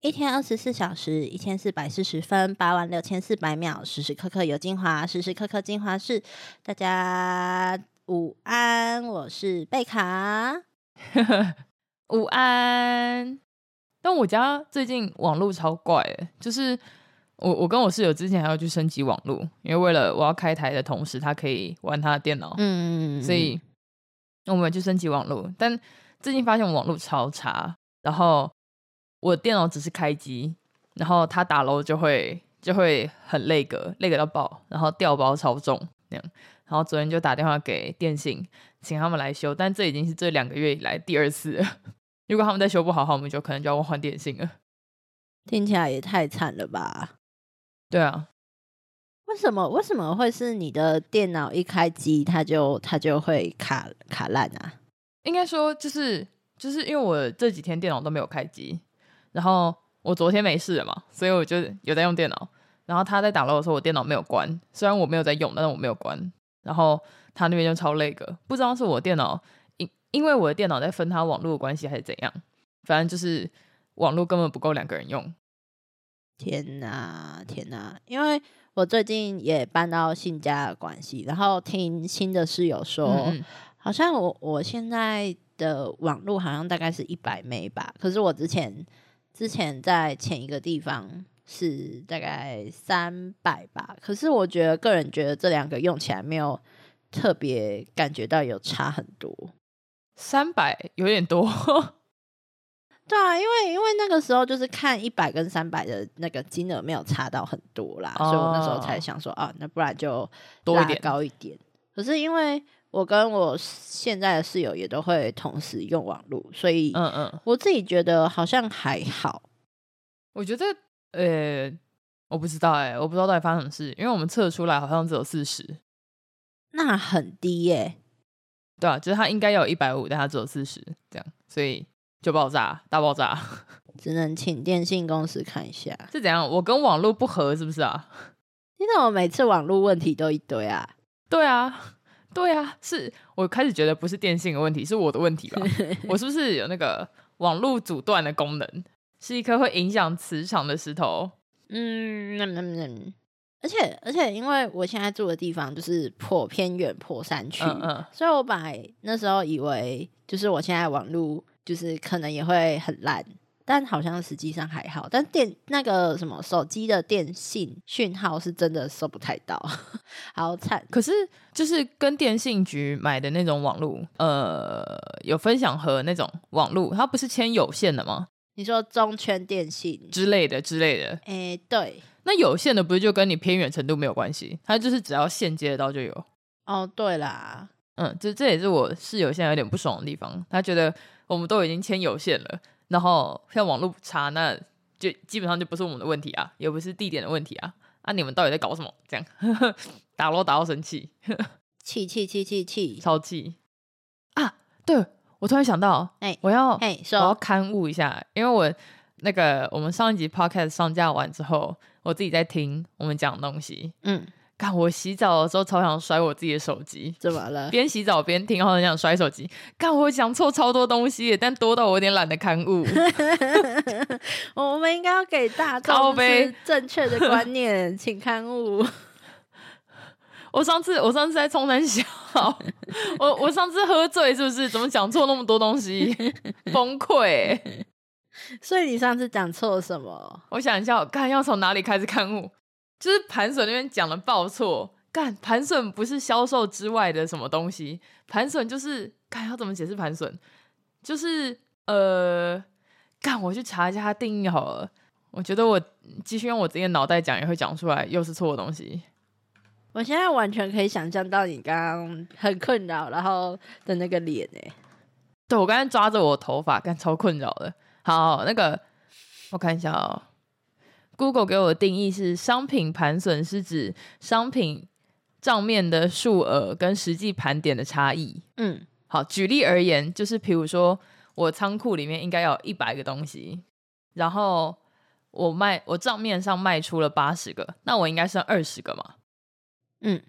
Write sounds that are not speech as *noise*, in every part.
一天二十四小時，一千四百四十分，八萬六千四百秒，時時刻刻有精華，時時刻刻精華室，大家午安，我是貝卡。呵呵，午安。但我家最近網絡超怪，就是我我跟我室友之前還要去升級網絡，因為為了我要開台的同時，他可以玩他的電腦，嗯，嗯，嗯，嗯，所以我們去升級網絡，但最近發現我網絡超差，然後。我的電腦只是開機，然後他打樓就會就會很 lag，lag 到爆，然後掉包超重那樣。然後昨天就打電話給電信，請他們來修，但這已經是這兩個月以來第二次了。 *laughs* 如果他們再修不好的話，好我們就可能就要換電信了。聽起來也太慘了吧？對啊。為什麼為什麼會是你的電腦一開機，它就它就會卡卡爛啊？應該說就是就是因為我這幾天電腦都沒有開機。然後我昨天沒事了嘛，所以我就有在用電腦。然後他在打撈的時候，我電腦沒有關，雖然我沒有在用，但是我沒有關。然後他那邊就超 lag，不知道是我電腦因因為我的電腦在分他網絡的關係還是怎樣，反正就是網絡根本不夠兩個人用。天哪天哪！因為我最近也搬到新家的關係，然後聽新的室友說，嗯、好像我我現在的網絡好像大概是一百 M 吧，可是我之前。之前在前一個地方是大概三百吧，可是我覺得個人覺得這兩個用起來沒有特別感覺到有差很多，三百有點多。 *laughs* 對啊，因為因為那個時候就是看一百跟三百的那個金額沒有差到很多啦，oh. 所以我那時候才想說啊，那不然就拉高一點。多一點。可是因為。我跟我現在的室友也都會同時用網絡，所以嗯嗯，我自己覺得好像還好。嗯嗯，我覺得呃、欸，我不知道哎、欸，我不知道到底發生什麼事，因為我們測出來好像只有四十，那很低耶、欸。對啊，就是它應該要一百五，但它只有四十，這樣所以就爆炸大爆炸。 *laughs* 只能請電信公司看一下是怎樣。我跟網絡不合是不是啊？ *laughs* 你怎麼每次網絡問題都一堆啊？對啊。對啊，是我開始覺得不是電信的問題，是我的問題吧？ *laughs* 我是不是有那個網絡阻斷的功能？是一顆會影響磁場的石頭？嗯，嗯、嗯、嗯、嗯、而且，而且因為我現在住的地方就是頗偏遠、頗山區，所以我把那時候以為就是我現在網絡就是可能也會很爛。但好像實際上還好，但電那個什麼手機的電信訊號是真的收不太到，好慘。可是就是跟電信局買的那種網絡，呃，有分享盒那種網絡，它不是牽有線的嗎？你說中華電信之類的之類的，哎、欸，對，那有線的不是就跟你偏遠程度沒有關係，它就是只要線接得到就有。哦，對啦，嗯，這這也是我室友現在有點不爽的地方，他覺得我們都已經牽有線了。然後像網絡不差，那就基本上就不是我們的問題啊，也不是地點的問題啊。啊，你們到底在搞什麼？這樣 *laughs* 打我打到生氣，氣氣氣氣氣，超氣！啊，對我突然想到，哎、hey,，我要，hey, so... 我要勘誤一下，因為我那個我們上一集 podcast 上架完之後，我自己在聽我們講的東西，嗯。幹我洗澡的時候超想摔我自己的手機。怎麼了？邊洗澡邊聽，然後很想摔手機。幹我講錯超多東西，但多到我有點懶得看物。 *laughs* *laughs* 我們應該要給大眾正確的觀念， *laughs* 請看物。我上次我上次在衝三小， *laughs* 我我上次喝醉是不是？怎麼講錯那麼多東西， *laughs* 崩潰。所以你上次講錯了什麼？我想一下，幹要從哪裡開始看物。就是盤損那邊講了報錯，幹盤損不是銷售之外的什麼東西，盤損就是幹，要怎麼解釋盤損？就是呃，幹我去查一下它定義好了。我覺得我繼續用我自己的腦袋講也會講出來，又是錯的東西。我現在完全可以想象到你剛剛很困擾，然後的那個臉。哎，對，我剛剛抓着我的頭髮幹超困擾的。好，那個我看一下哦，喔。Google 給我的定義是：商品盤損是指商品賬面的數額跟實際盤點的差異。嗯，好，舉例而言，就是譬如說我倉庫裡面應該有一百個東西，然後我賣我賬面上賣出了八十個，那我應該剩二十個嘛？嗯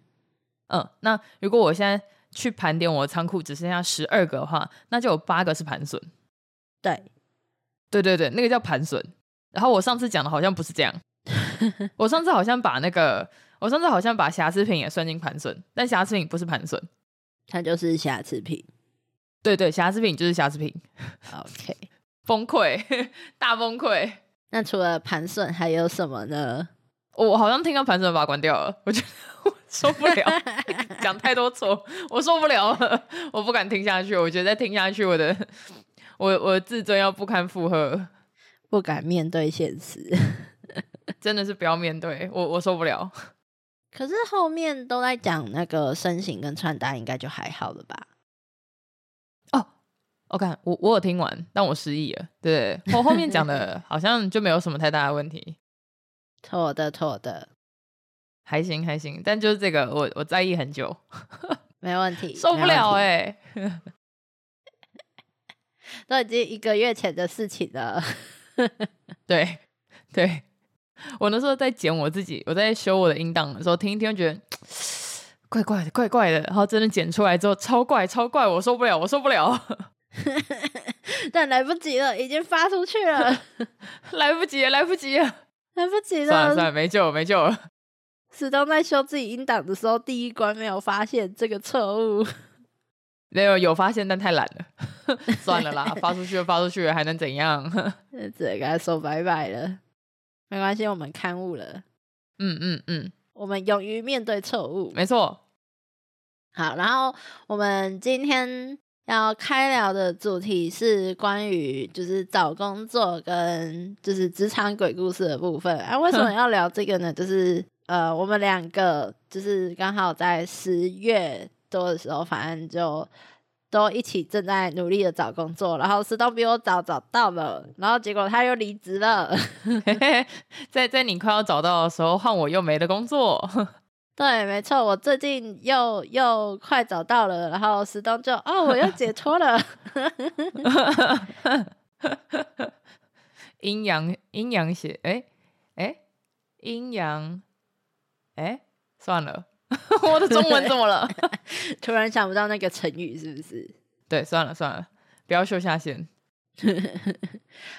嗯，那如果我現在去盤點我的倉庫只剩下十二個的話，那就有八個是盤損。對，對對對，那個叫盤損。然後我上次講的好像不是這樣， *laughs* 我上次好像把那個，我上次好像把瑕疵品也算進盤損，但瑕疵品不是盤損，它就是瑕疵品。對對，對，瑕疵品就是瑕疵品。OK，崩潰，大崩潰。那除了盤損還有什麼呢？我好像聽到盤損，把它關掉了。我覺得我受不了，講 *laughs* *laughs* 太多錯，我受不了，了，我不敢聽下去。我覺得再聽下去，我的，我我自尊要不堪負荷。不敢面對現實， *laughs* 真的是不要面對我，我受不了。可是後面都在講那個身形跟穿搭，應該就還好了吧？哦，oh、God, 我看我我有聽完，但我失憶了。對，我後面講的，好像就沒有什麼太大的問題。妥 *laughs* 的，妥的，還行，還行。但就是這個，我我在意很久。 *laughs* 沒問題，受不了哎、欸， *laughs* *laughs* 都已經一個月前的事情了。 *laughs* 對對，我那時候在剪我自己，我在修我的音檔的時候聽一聽，覺得怪怪的，怪怪的。然後真的剪出來之後，超怪，超怪，我受不了，我受不了。 *laughs* 但來不及了，已經發出去了， *laughs* 來不及了，來不及了，來不及了。算了算了，沒救，沒救了。始終在修自己音檔的時候，第一關沒有發現這個錯誤，沒有有發現，但太懶了。 *laughs* 算了啦，發出去就發出去，還能怎樣？嗯， *laughs* 只能跟他說拜拜了。沒關係，我們勘誤了。嗯嗯嗯，我們勇於面對錯誤，沒錯。好，然後我們今天要開聊的主題是關於就是找工作跟就是職場鬼故事的部分。啊，為什麼要聊這個呢？ *laughs* 就是呃，我們兩個就是剛好在十月多的時候，反正就。都一起正在努力的找工作，然後石東比我早找到了，然後結果他又離職了。嘿嘿，在在你快要找到的時候，換我又沒了工作。對，沒錯，我最近又又快找到了，然後石東就哦，我又解脫了。陰 *laughs* *laughs* 陽陰陽血，哎哎，陰陽，哎，算了。 *laughs* 我的中文怎麼了？ *laughs* 突然想不到那個成語，是不是？對，算了算了，不要秀下限。 *laughs*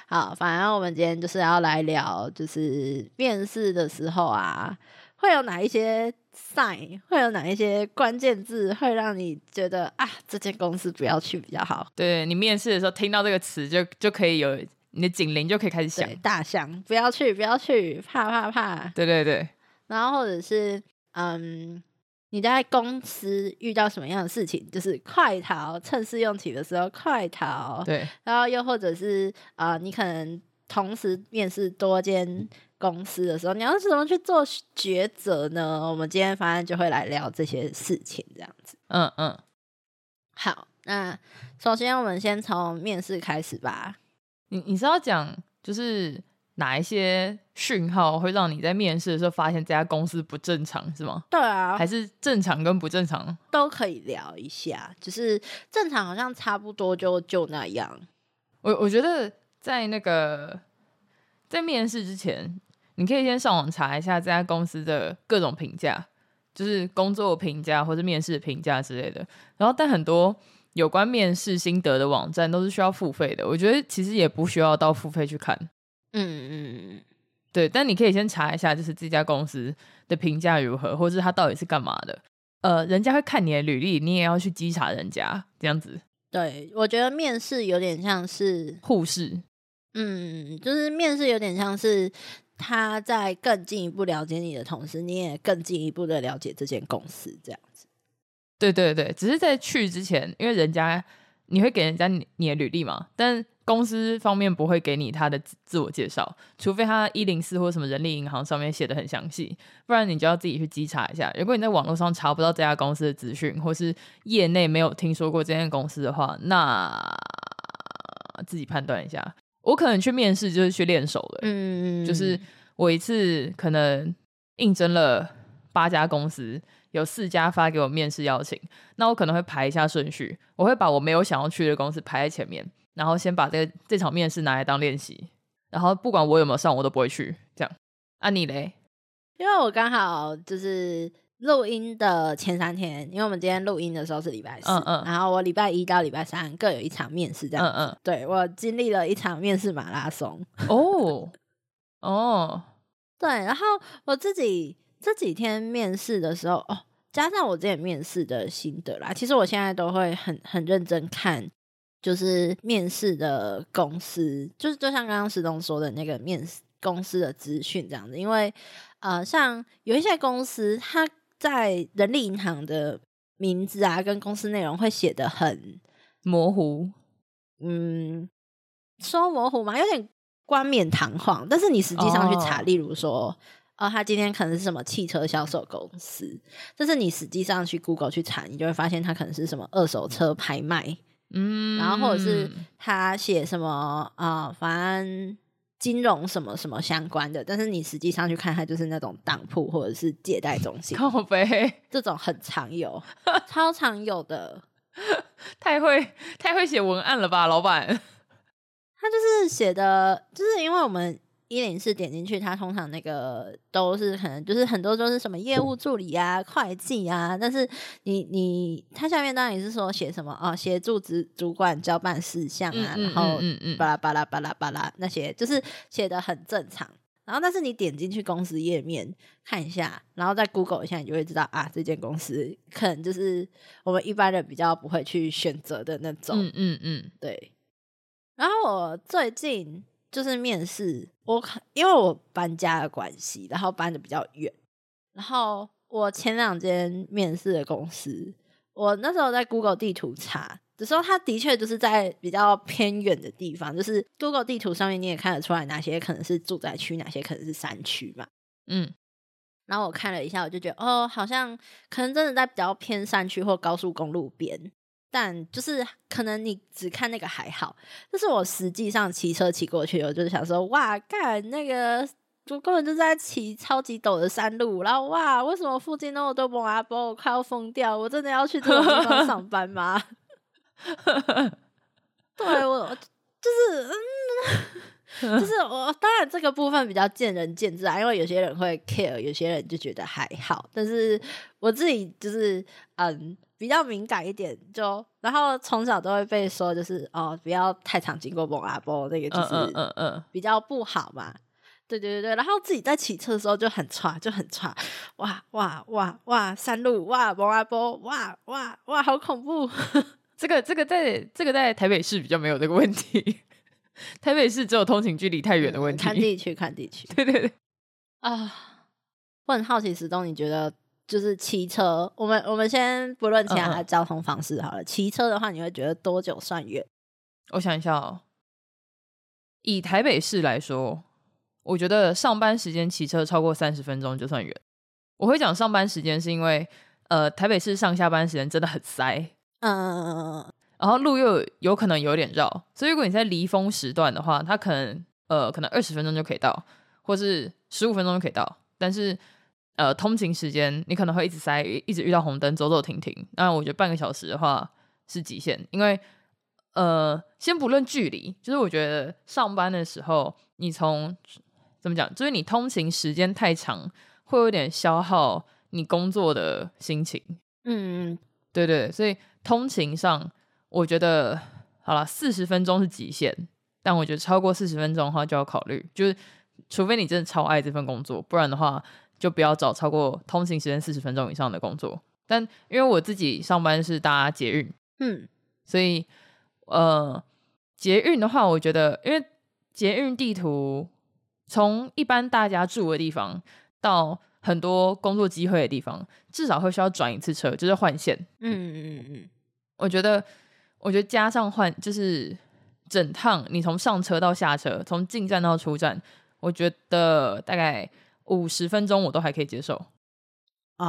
好，反正我們今天就是要來聊，就是面試的時候啊，會有哪一些 sign，會有哪一些關鍵字，會讓你覺得啊，這間公司不要去比較好。對，你面試的時候聽到這個詞，就就可以有你的警鈴，就可以開始響。大象不要去，不要去，怕怕怕。對對對。然後或者是。嗯、um，你在公司遇到什麼樣的事情？就是快逃，趁試用期的時候快逃。對。然後又或者是啊、呃，你可能同時面試多間公司的時候，你要是怎麼去做抉擇呢？我們今天反正就會來聊這些事情，這樣子。嗯嗯。好，那首先我們先從面試開始吧。你你是要講就是哪一些訊號會讓你在面試的時候發現這家公司不正常，是嗎？對啊，還是正常跟不正常都可以聊一下，只、就是正常好像差不多就就那樣。我我覺得在那個在面試之前，你可以先上網查一下這家公司的各種評價，就是工作評價或者面試評價之類的。然後，但很多有關面試心得的網站都是需要付費的，我覺得其實也不需要到付費去看。嗯嗯嗯，對，但你可以先查一下，就是這家公司的評價如何，或是他到底是幹嘛的。呃，人家會看你的履歷，你也要去稽查人家這樣子。對，我覺得面試有點像是護士，嗯，就是面試有點像是他在更進一步了解你的同時，你也更進一步的了解這間公司，這樣子。對對對，只是在去之前，因為人家你會給人家你你的履歷嘛，但。公司方面不會給你他的自我介紹，除非他一零四或什麼人力銀行上面寫的很詳細，不然你就要自己去稽查一下。如果你在網絡上查不到這家公司的資訊，或是業內沒有聽說過這家公司的話，那自己判斷一下。我可能去面試就是去練手的，嗯，就是我一次可能應徵了八家公司，有四家發給我面試邀請，那我可能會排一下順序，我會把我沒有想要去的公司排在前面。然後先把這個這場面試拿來當練習，然後不管我有沒有上，我都不會去。這樣，啊，你嘞？因為我剛好就是錄音的前三天，因為我們今天錄音的時候是禮拜四，嗯嗯，然後我禮拜一到禮拜三各有一場面試，這樣，嗯嗯，對，我經歷了一場面試馬拉松。哦哦， *laughs* 哦，對，然後我自己這幾天面試的時候，哦，加上我之前面試的心得啦，其實我現在都會很很認真看。就是面試的公司，就是就像剛剛石咚說的那個面試公司的資訊這樣子，因為呃，像有一些公司，他在人力銀行的名字啊，跟公司內容會寫得很模糊，嗯，說模糊嘛，有點冠冕堂皇，但是你實際上去查，哦，例如說，呃，他今天可能是什麼汽車銷售公司，但是你實際上去 Google 去查，你就會發現他可能是什麼二手車拍賣。嗯。嗯，然後或者是他寫什麼啊、呃，反正金融什麼什麼相關的，但是你實際上去看，他就是那種當鋪或者是借貸中心，靠北，這種很常有， *laughs* 超常有的，太會太會寫文案了吧，老闆，他就是寫的，就是因為我們。一零四點進去，它通常那個都是可能就是很多都是什麼業務助理啊、嗯、會計啊。但是你你它下面當然也是說寫什麼哦，協助職主管交辦事項啊，嗯、然後、嗯嗯嗯、巴拉巴拉巴拉巴拉那些，就是寫得很正常。然後，但是你點進去公司頁面看一下，然後再 Google 一下，你就會知道啊，這間公司可能就是我們一般人比較不會去選擇的那種。嗯嗯嗯，對。然後我最近。就是面試，我因為我搬家的關係，然後搬的比較遠，然後我前兩間面試的公司，我那時候在 Google 地圖查，的時候，它的確就是在比較偏遠的地方，就是 Google 地圖上面你也看得出來哪些可能是住宅區，哪些可能是山區嘛，嗯，然後我看了一下，我就覺得哦，好像可能真的在比較偏山區或高速公路邊。但就是可能你只看那個還好，但是我實際上騎車騎過去，我就是想說，哇，幹，那個，我根本就在騎超級陡的山路，然後哇，為什麼附近那麼多摩阿波，我快要瘋掉，我真的要去這個地方上班嗎？ *laughs* 對，我就是嗯。 *laughs* 嗯、就是我當然這個部分比較見仁見智啊，因為有些人會 care，有些人就覺得還好。但是我自己就是嗯比較敏感一點，就然後從小都會被說就是哦，不要太常經過崩阿波，那個就是嗯嗯比較不好嘛。對、嗯嗯嗯嗯、對對對，然後自己在騎車的時候就很差，就很差。哇哇哇哇山路哇崩阿波哇哇哇，哇好恐怖！ *laughs* 這個這個在這個在台北市比較沒有這個問題。台北市只有通勤距離太遠的問題、嗯。看地區，看地區。對對對。啊、uh，我很好奇，石咚，你覺得就是騎車，我們我們先不論其他的交通方式好了。騎、uh, uh. 車的話，你會覺得多久算遠？我想一下哦。以台北市來說，我覺得上班時間騎車超過三十分鐘就算遠。我會講上班時間，是因為呃，台北市上下班時間真的很塞。嗯、uh...。然後路又有可能有點繞，所以如果你在離峰時段的話，它可能呃可能二十分鐘就可以到，或是十五分鐘就可以到。但是呃，通勤時間你可能會一直塞，一直遇到紅燈，走走停停。那我覺得半個小時的話是極限，因為呃，先不論距離，就是我覺得上班的時候，你從，怎麼講，就是你通勤時間太長，會有點消耗你工作的心情。嗯嗯，對對，所以通勤上。我覺得好了，四十分鐘是極限，但我覺得超過四十分鐘的話就要考慮，就是除非你真的超愛這份工作，不然的話就不要找超過通勤時間四十分鐘以上的工作。但因為我自己上班是搭捷運，嗯，所以呃，捷運的話，我覺得因為捷運地圖從一般大家住的地方到很多工作機會的地方，至少會需要轉一次車，就是換線。嗯嗯嗯嗯，我覺得。我覺得加上換，就是整趟，你從上車到下車，從進站到出站，我覺得大概五十分鐘我都還可以接受。哦、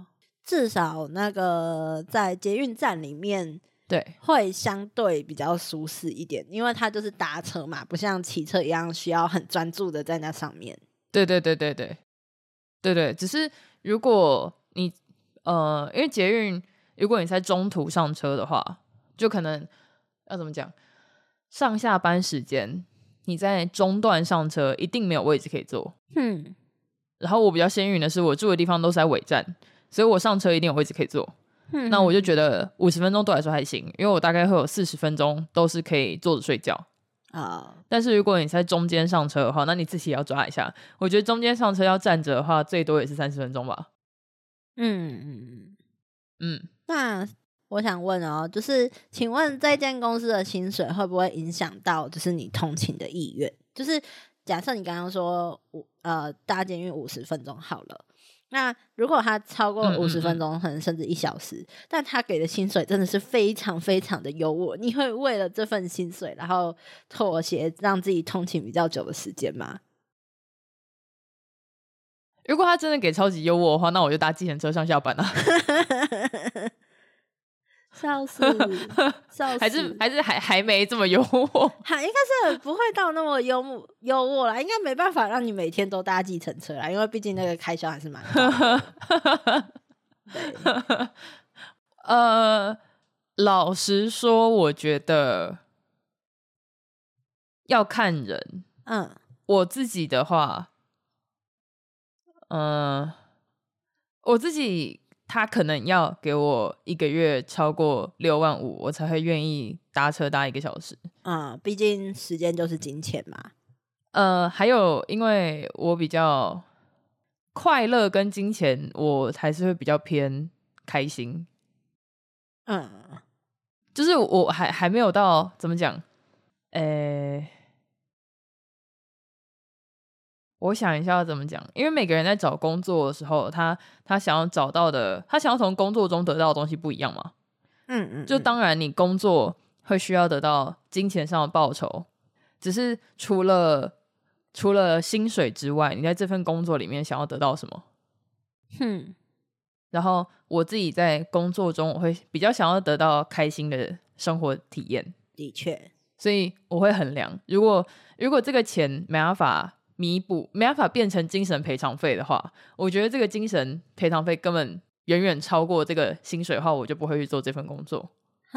呃，至少那個在捷運站裡面，對，會相對比較舒適一點，因為它就是搭車嘛，不像騎車一樣需要很專注的在那上面。對對對對對，對對，對，只是如果你呃，因為捷運，如果你在中途上車的話，就可能要怎麼講？上下班時間你在中段上車，一定沒有位置可以坐。嗯。然後我比較幸運的是，我住的地方都是在尾站，所以我上車一定有位置可以坐。嗯。那我就覺得五十分鐘對我來說還行，因為我大概會有四十分鐘都是可以坐着睡覺。Oh。但是如果你在中間上車的話，那你自己也要抓一下。我覺得中間上車要站着的話，最多也是三十分鐘吧。嗯嗯嗯。那。我想問哦，就是請問這間公司的薪水會不會影響到，就是你通勤的意願？就是假設你剛剛說呃，搭捷運五十分鐘好了，那如果他超過五十分鐘，嗯嗯嗯，可能甚至一小時，但他給的薪水真的是非常非常的優渥，你會為了這份薪水然後妥協讓自己通勤比較久的時間嗎？如果他真的給超級優渥的話，那我就搭計程車上下班了 *laughs* 笑死。 *laughs* 還是 *laughs* 還是還還沒這麼幽默，哈，應該是不會到那麼幽默，幽 *laughs* 默啦，應該沒辦法讓你每天都搭計程車啦，因為畢竟那個開銷還是蠻 *laughs* 對 *laughs* 呃，老實說，我覺得要看人。嗯，我自己的話，嗯、呃，我自己。他可能要給我一個月超過六萬五，我才會願意搭車搭一個小時。嗯，畢竟時間就是金錢嘛。呃，還有，因為我比較快樂跟金錢，我還是會比較偏開心。嗯，就是我還還沒有到怎麼講，欸。我想一下要怎麼講，因為每個人在找工作的時候，他他想要找到的，他想要從工作中得到的東西不一樣嘛。嗯，嗯嗯，就當然你工作會需要得到金錢上的報酬，只是除了除了薪水之外，你在這份工作裡面想要得到什麼？嗯。然後我自己在工作中，我會比較想要得到開心的生活體驗。的確，所以我會衡量，如果如果這個錢沒辦法。彌補沒辦法變成精神賠償費的話，我覺得這個精神賠償費根本遠遠超過這個薪水的話，我就不會去做這份工作。 *laughs*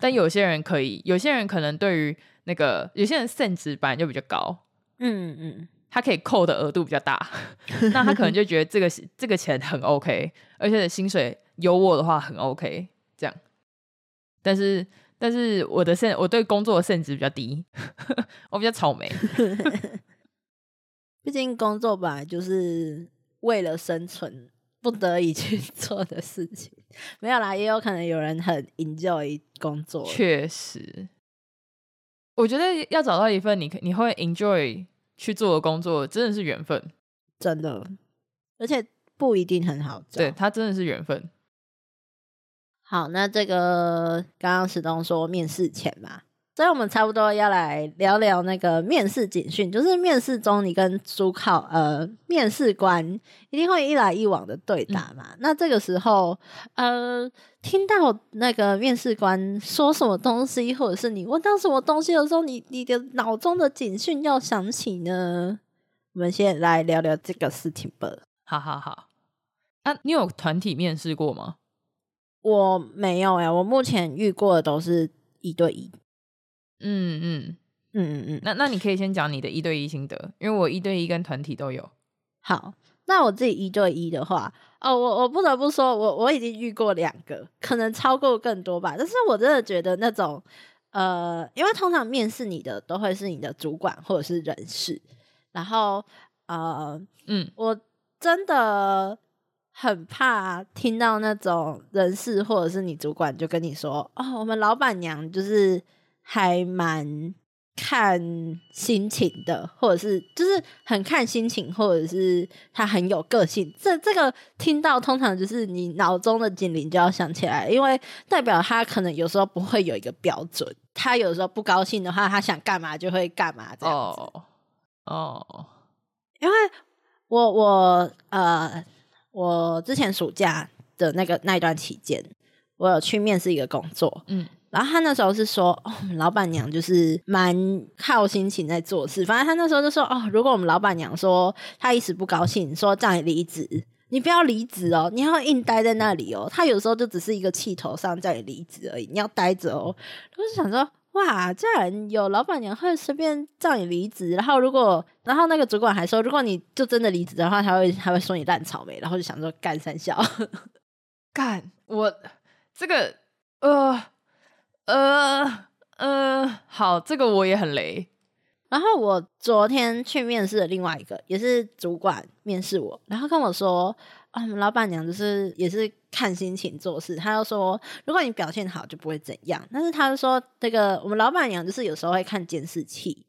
但有些人可以，有些人可能對於那個有些人甚值本來就比較高。嗯嗯，他可以扣的額度比較大， *laughs* *laughs* 那他可能就覺得這個這個錢很 OK，而且薪水優渥的話很 OK 這樣。但是但是我的我對工作的甚值比較低， *laughs* 我比較草莓。 *laughs* *laughs* 畢竟工作吧，就是為了生存，不得已去做的事情，沒有啦，也有可能有人很 enjoy 工作。確實，我覺得要找到一份你你會 enjoy 去做的工作，真的是緣分，真的，而且不一定很好找。對，它真的是緣分。好，那這個剛剛石咚說面試前吧。所以，我們差不多要來聊聊那個面試警訊，就是面試中你跟主考呃面試官一定會一來一往的對答嘛、嗯。那這個時候，呃，聽到那個面試官說什麼東西，或者是你問到什麼東西的時候，你你的腦中的警訊要響起呢？我們先來聊聊這個事情吧。哈哈哈，啊，你有團體面試過嗎？我沒有哎、欸，我目前遇過的都是一對一。嗯嗯嗯嗯嗯，那那你可以先講你的一對一心得，因為我一對一跟團體都有。好，那我自己一對一的話，哦，我我不得不說，我我已經遇過兩個，可能超過更多吧。但是我真的覺得那種，呃，因為通常面試你的都會是你的主管或者是人事，然後啊、呃，嗯，我真的很怕聽到那種人事或者是你主管就跟你說，哦，我們老闆娘就是。還蠻看心情的，或者是就是很看心情，或者是他很有個性。這這個聽到通常就是你腦中的警鈴就要響起來，因為代表他可能有時候不會有一個標準，他有時候不高興的話，他想幹嘛就會幹嘛這樣子。哦、哦。哦，因為我我呃，我之前暑假的那個那一段期間，我有去面試一個工作，嗯。然後他那時候是說，哦，老闆娘就是蠻靠心情在做事。反正他那時候就說，哦，如果我們老闆娘說她一時不高興，說叫你離職，你不要離職哦，你要硬待在那裡哦。她有時候就只是一個氣頭上叫你離職而已，你要待着哦。我就想說，哇，竟然有老闆娘會隨便叫你離職。然後如果，然後那個主管還說，如果你就真的離職的話，他會他會說你爛草莓。然後就想說幹三笑幹，幹我這個呃。呃呃，好，這個我也很雷。然後我昨天去面試了另外一個也是主管面試我，然後跟我說啊，我們老板娘就是也是看心情做事。他就說，如果你表現好就不會怎樣，但是他就說這個我們老板娘就是有時候會看監視器，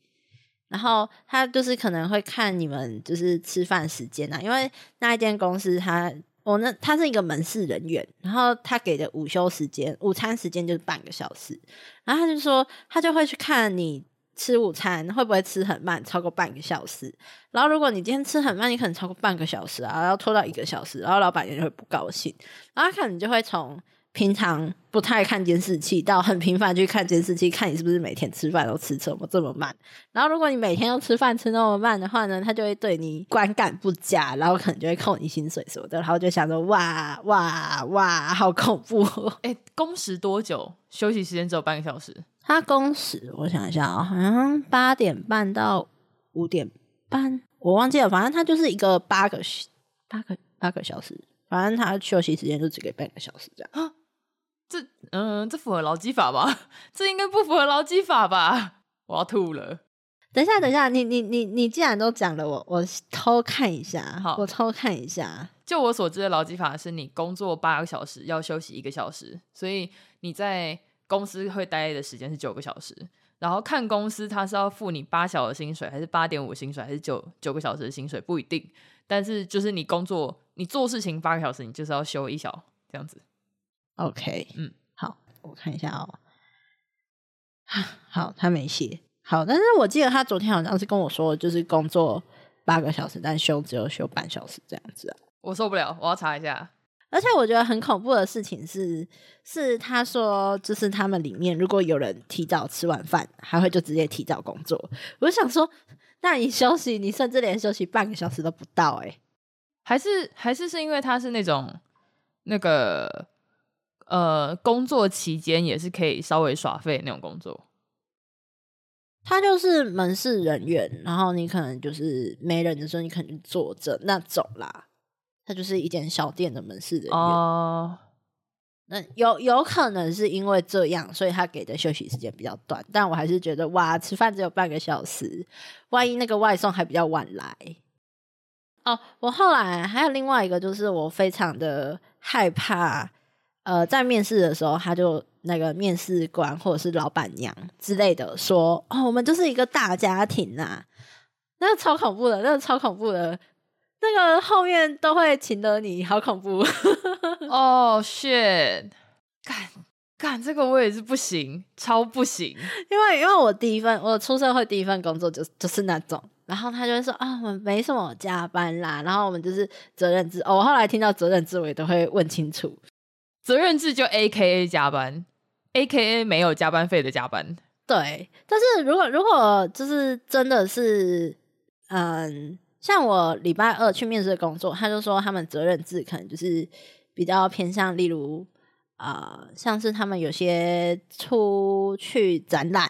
然後他就是可能會看你們就是吃飯時間啊，因為那一間公司他。我呢，他是一個門市人員，然後他給的午休時間、午餐時間就是半個小時，然後他就說，他就會去看你吃午餐會不會吃很慢，超過半個小時，然後如果你今天吃很慢，你可能超過半個小時啊，然後拖到一個小時，然後老闆娘就會不高興，然後可能就會從平常不太看監視器，到很頻繁去看監視器，看你是不是每天吃飯都吃這麼這麼慢。然後如果你每天都吃飯吃那麼慢的話呢，他就會對你觀感不佳，然後可能就會扣你薪水什麼的。然後就想說哇哇哇，好恐怖！哎、欸，工時多久？休息時間只有半個小時？他工時我想一下啊、哦，好像八點半到五點半，我忘記了，反正他就是一個八個八個八個八個小時，反正他休息時間就只給半個小時這樣啊。這嗯，這符合勞基法嗎？這應該不符合勞基法吧？我要吐了。等一下，等一下，你你你你，你你既然都講了我，我我偷看一下。哈。我偷看一下。就我所知的勞基法是你工作八個小時要休息一個小時，所以你在公司會待會的時間是九個小時。然後看公司它是要付你八小時的薪水，還是八點五薪水，還是九九個小時的薪水，不一定。但是就是你工作你做事情八個小時，你就是要休一小這樣子。OK，嗯，好，我看一下哦、喔。 *laughs* 好，他沒寫。好，但是我記得他昨天好像是跟我說，就是工作八個小時，但休只有休半小時這樣子啊。我受不了，我要查一下。而且我覺得很恐怖的事情是，是他說，就是他們裡面如果有人提早吃完飯，還會就直接提早工作。我想說，那你休息，你甚至連休息半個小時都不到哎、欸。還是還是是因為他是那種那個。呃，工作期間也是可以稍微耍廢那種工作。他就是門市人員，然後你可能就是沒人的時候，你可能就坐着那種啦。他就是一間小店的門市人員。那、哦嗯、有有可能是因為這樣，所以他給的休息時間比較短。但我還是覺得哇，吃飯只有半個小時，萬一那個外送還比較晚來哦。我後來還有另外一個，就是我非常的害怕。呃，在面試的時候，他就那個面試官或者是老板娘之類的說：“哦，我們就是一個大家庭吶、啊。”那個、超恐怖的，那個超恐怖的，那個後面都會請得你好恐怖。哦、 *laughs* oh，shit！幹幹，這個我也是不行，超不行。因為因為我第一份我出社會第一份工作就就是那種，然後他就會說：“啊、哦，我沒什麼加班啦。”然後我們就是責任制哦。我後來聽到責任制，我也都會問清楚。責任制就 A K A 加班，A K A 沒有加班費的加班。對，但是如果如果就是真的是，嗯，像我禮拜二去面試的工作，他就說他們責任制可能就是比較偏向，例如啊、呃，像是他們有些出去展覽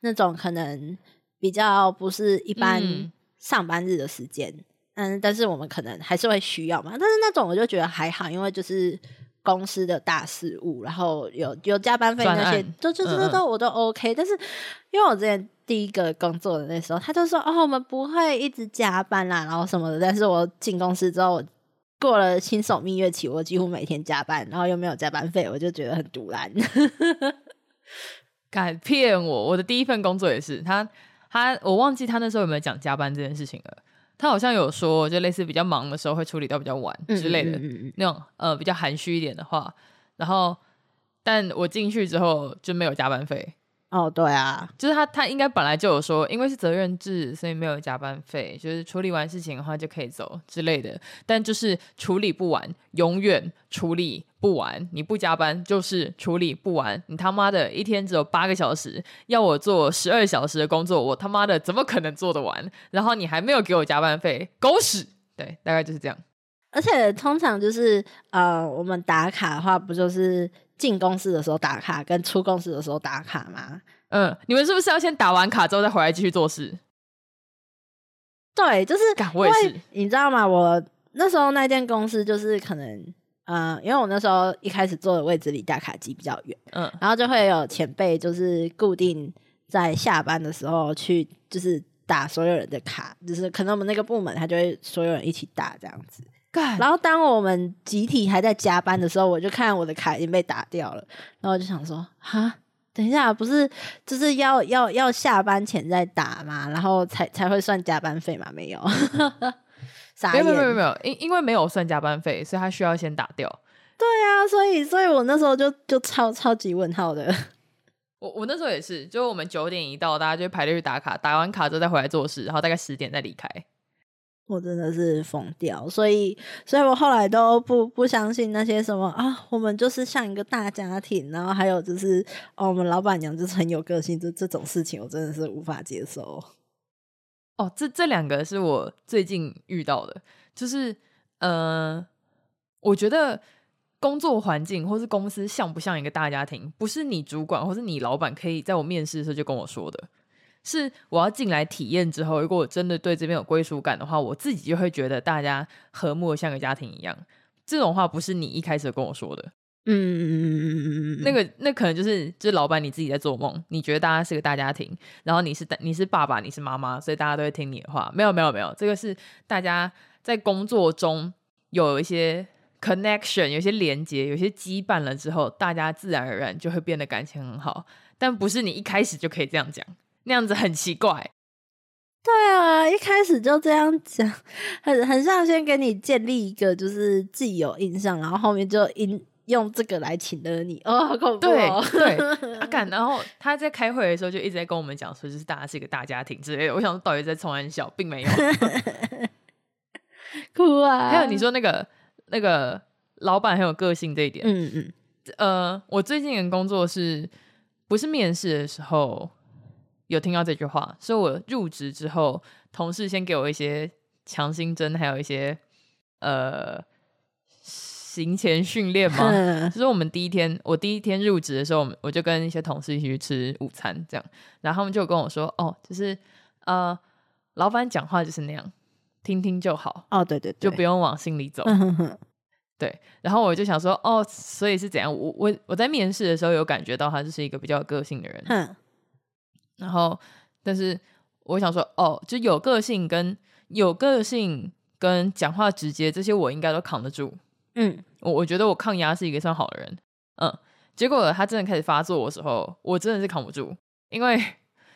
那種，可能比較不是一般上班日的時間、嗯。嗯，但是我們可能還是會需要嘛。但是那種我就覺得還好，因為就是。公司的大事務，然後有有加班費那些，都都都都我都 OK。但是、嗯、因為我之前第一個工作的那時候，他就說哦，我們不會一直加班啦，然後什麼的。但是我進公司之後，我過了新手蜜月期，我幾乎每天加班，然後又沒有加班費，我就覺得很賭爛。 *laughs* 敢騙我！我的第一份工作也是，他他，我忘記他那時候有沒有講加班這件事情了。他好像有說，就類似比較忙的時候會處理到比較晚之類的那種，呃，比較含蓄一點的話。然後，但我進去之後就沒有加班費。哦，對啊，就是他，他應該本來就有說，因為是責任制，所以沒有加班費，就是處理完事情的話就可以走之類的。但就是處理不完，永遠處理不完。你不加班就是處理不完，你他媽的一天只有八個小時，要我做十二小時的工作，我他媽的怎麼可能做得完？然後你還沒有給我加班費，狗屎！對，大概就是這樣。而且通常就是呃，我們打卡的話，不就是？進公司的時候打卡，跟出公司的時候打卡嗎？嗯，你們是不是要先打完卡之後再回來繼續做事？對，就是因為你知道嗎？我那時候那間公司就是可能，嗯、呃，因為我那時候一開始坐的位置離打卡機比較遠，嗯，然後就會有前輩就是固定在下班的時候去，就是打所有人的卡，就是可能我們那個部門他就會所有人一起打這樣子。然後當我們集體還在加班的時候，我就看我的卡已經被打掉了，然後就想說：哈，等一下，不是就是要要要下班前再打嘛，然後才才會算加班費嘛。沒有傻眼，沒有， *laughs* 沒有沒有沒有因因為沒有算加班費，所以他需要先打掉。對啊，所以所以我那時候就就超超級問號的。我我那時候也是，就是我們九點一到，大家就排隊去打卡，打完卡之後再回來做事，然後大概十點再離開。我真的是瘋掉，所以，所以我後來都不不相信那些什麼啊，我們就是像一個大家庭，然後還有就是哦、啊，我們老闆娘就是很有個性，這這種事情我真的是無法接受。哦，這這兩個是我最近遇到的，就是呃，我覺得工作環境或是公司像不像一個大家庭，不是你主管或是你老闆可以在我面試的時候就跟我說的。是我要進來體驗之後，如果我真的對這邊有歸屬感的話，我自己就會覺得大家和睦，像個家庭一樣。這種話不是你一開始跟我說的，嗯嗯嗯嗯嗯嗯嗯，那個那可能就是就是老闆你自己在做夢，你覺得大家是個大家庭，然後你是你是爸爸，你是媽媽，所以大家都會聽你的話。沒有沒有沒有，這個是大家在工作中有一些 connection，有一些連接，有些羈絆了之後，大家自然而然就會變得感情很好。但不是你一開始就可以這樣講。那樣子很奇怪，對啊，一開始就這樣講，很很像先給你建立一個就是既有印象，然後後面就用這個來請了你哦，oh, 好恐怖哦，對,對 *laughs* 啊，敢，然後他在開會的時候就一直在跟我們講說，就是大家是一個大家庭之類的，我想說導演在開玩笑，並沒有， *laughs* *laughs* 哭啊，還有你說那個那個老板很有個性這一點，嗯嗯，呃，我最近的工作是不是面試的時候？有聽到這句話，所以我入職之後，同事先給我一些強心針，還有一些呃行前訓練嘛。就是我們第一天，我第一天入職的時候，我就跟一些同事一起去吃午餐，這樣，然後他們就跟我說：“哦，就是呃，老闆講話就是那樣，聽聽就好。”哦，對對對，就不用往心裡走，嗯哼哼。對，然後我就想說：“哦，所以是怎樣？”我我我在面試的時候有感覺到他就是一個比較有個性的人。然後，但是我想說，哦，就有個性跟有個性跟講話直接這些，我應該都扛得住。嗯，我我覺得我抗壓是一個算好的人。嗯，結果他真的開始發作的時候，我真的是扛不住，因為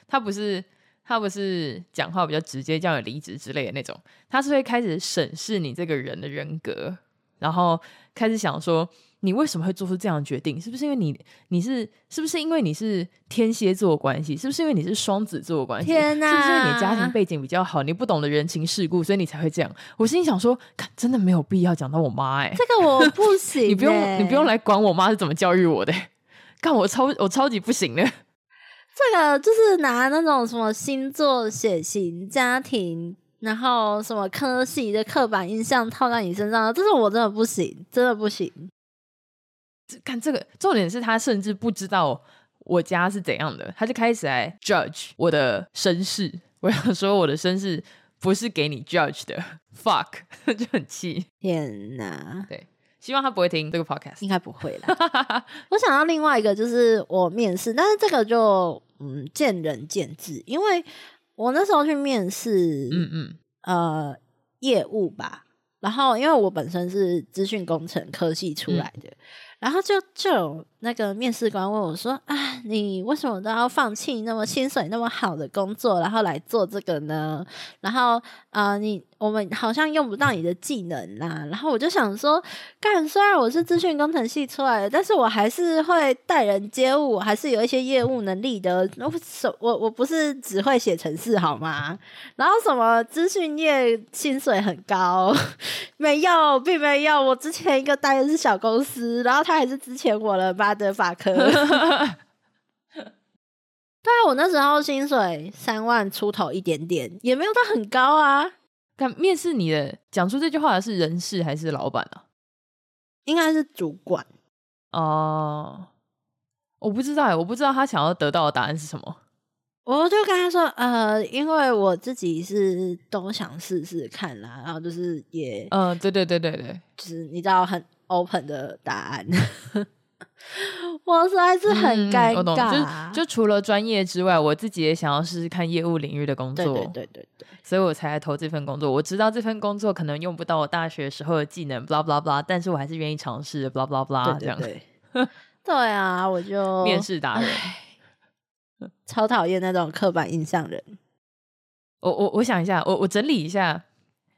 他不是他不是講話比較直接，叫你離職之類的那種，他是會開始審視你這個人的人格，然後開始想說。你為什麼會做出這樣的決定？是不是因為你你是是不是因為你是天蠍座關係？是不是因為你是雙子座的關係？天吶！是不是因為你的家庭背景比較好，你不懂得人情世故，所以你才會這樣？我心裡想說，真的沒有必要講到我媽哎、欸，這個我不行、欸。 *laughs* 你不用，你不用來管我媽是怎麼教育我的。看我超，我超級不行的。這個就是拿那種什麼星座血型、家庭，然後什麼科系的刻板印象套在你身上，這種我真的不行，真的不行。看這個重點是他甚至不知道我家是怎樣的，他就開始來 judge 我的身世。我想說我的身世不是給你 judge 的，fuck 就很氣。天哪， *laughs* 對，希望他不會聽這個 podcast，應該不會了。 *laughs* 我想到另外一個就是我面試，但是這個就嗯見仁見智，因為我那時候去面試，嗯嗯，呃業務吧，然後因為我本身是資訊工程科系出來的。嗯然後就就那個面試官問我說：“啊，你為什麼都要放棄那麼薪水那麼好的工作，然後來做這個呢？”然後。啊、呃，你我們好像用不到你的技能啦。然後我就想說，幹，雖然我是資訊工程系出來的，但是我還是會待人接物，還是有一些業務能力的。那我我我不是只會寫程式好嗎？然後什麼資訊業薪水很高？沒有，並沒有。我之前一個待的是小公司，然後他還是之前我的巴德法科。 *laughs* 對，我那時候薪水三萬出頭一點點，也沒有到很高啊。但面試你的講出這句話的是人事還是老板啊？應該是主管哦、呃。我不知道哎，我不知道他想要得到的答案是什麼。我就跟他說，呃，因為我自己是都想試試看啦，然後就是也，嗯、呃，對對對對對，就是你知道很 open 的答案。 *laughs* *laughs* 我實在是很尷尬，嗯就，就除了專業之外，我自己也想要試試看業務領域的工作，對對對、對、對、對，所以我才來投這份工作。我知道這份工作可能用不到我大學時候的技能，blah blah blah，但是我還是願意嘗試，blah blah blah，這樣。對、對、對、 *laughs* 對啊，我就面試達人， *laughs* 超討厭那種刻板印象人。 *laughs* 我我、我想一下我，我整理一下，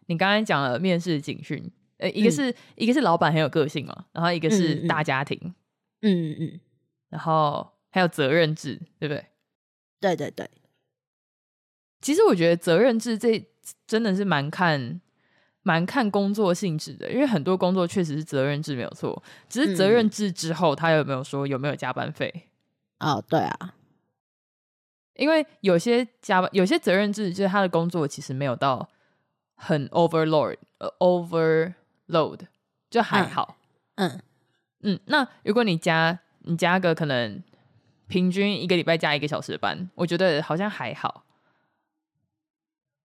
你剛剛講了面試警訊，一個是、嗯、一個是老板很有個性嘛，然後一個是大家庭。嗯嗯嗯嗯嗯然後還有責任制，對不對？對對對。其實我覺得責任制這真的是蠻看蠻看工作性質的，因為很多工作確實是責任制沒有錯，只是責任制之後、嗯、他有沒有說有沒有加班費哦，對啊，因為有些加班有些責任制就是他的工作其實沒有到很 overload，overload 就還好，嗯。嗯嗯，那如果你加你加個可能平均一個禮拜加一個小時的班，我覺得好像還好。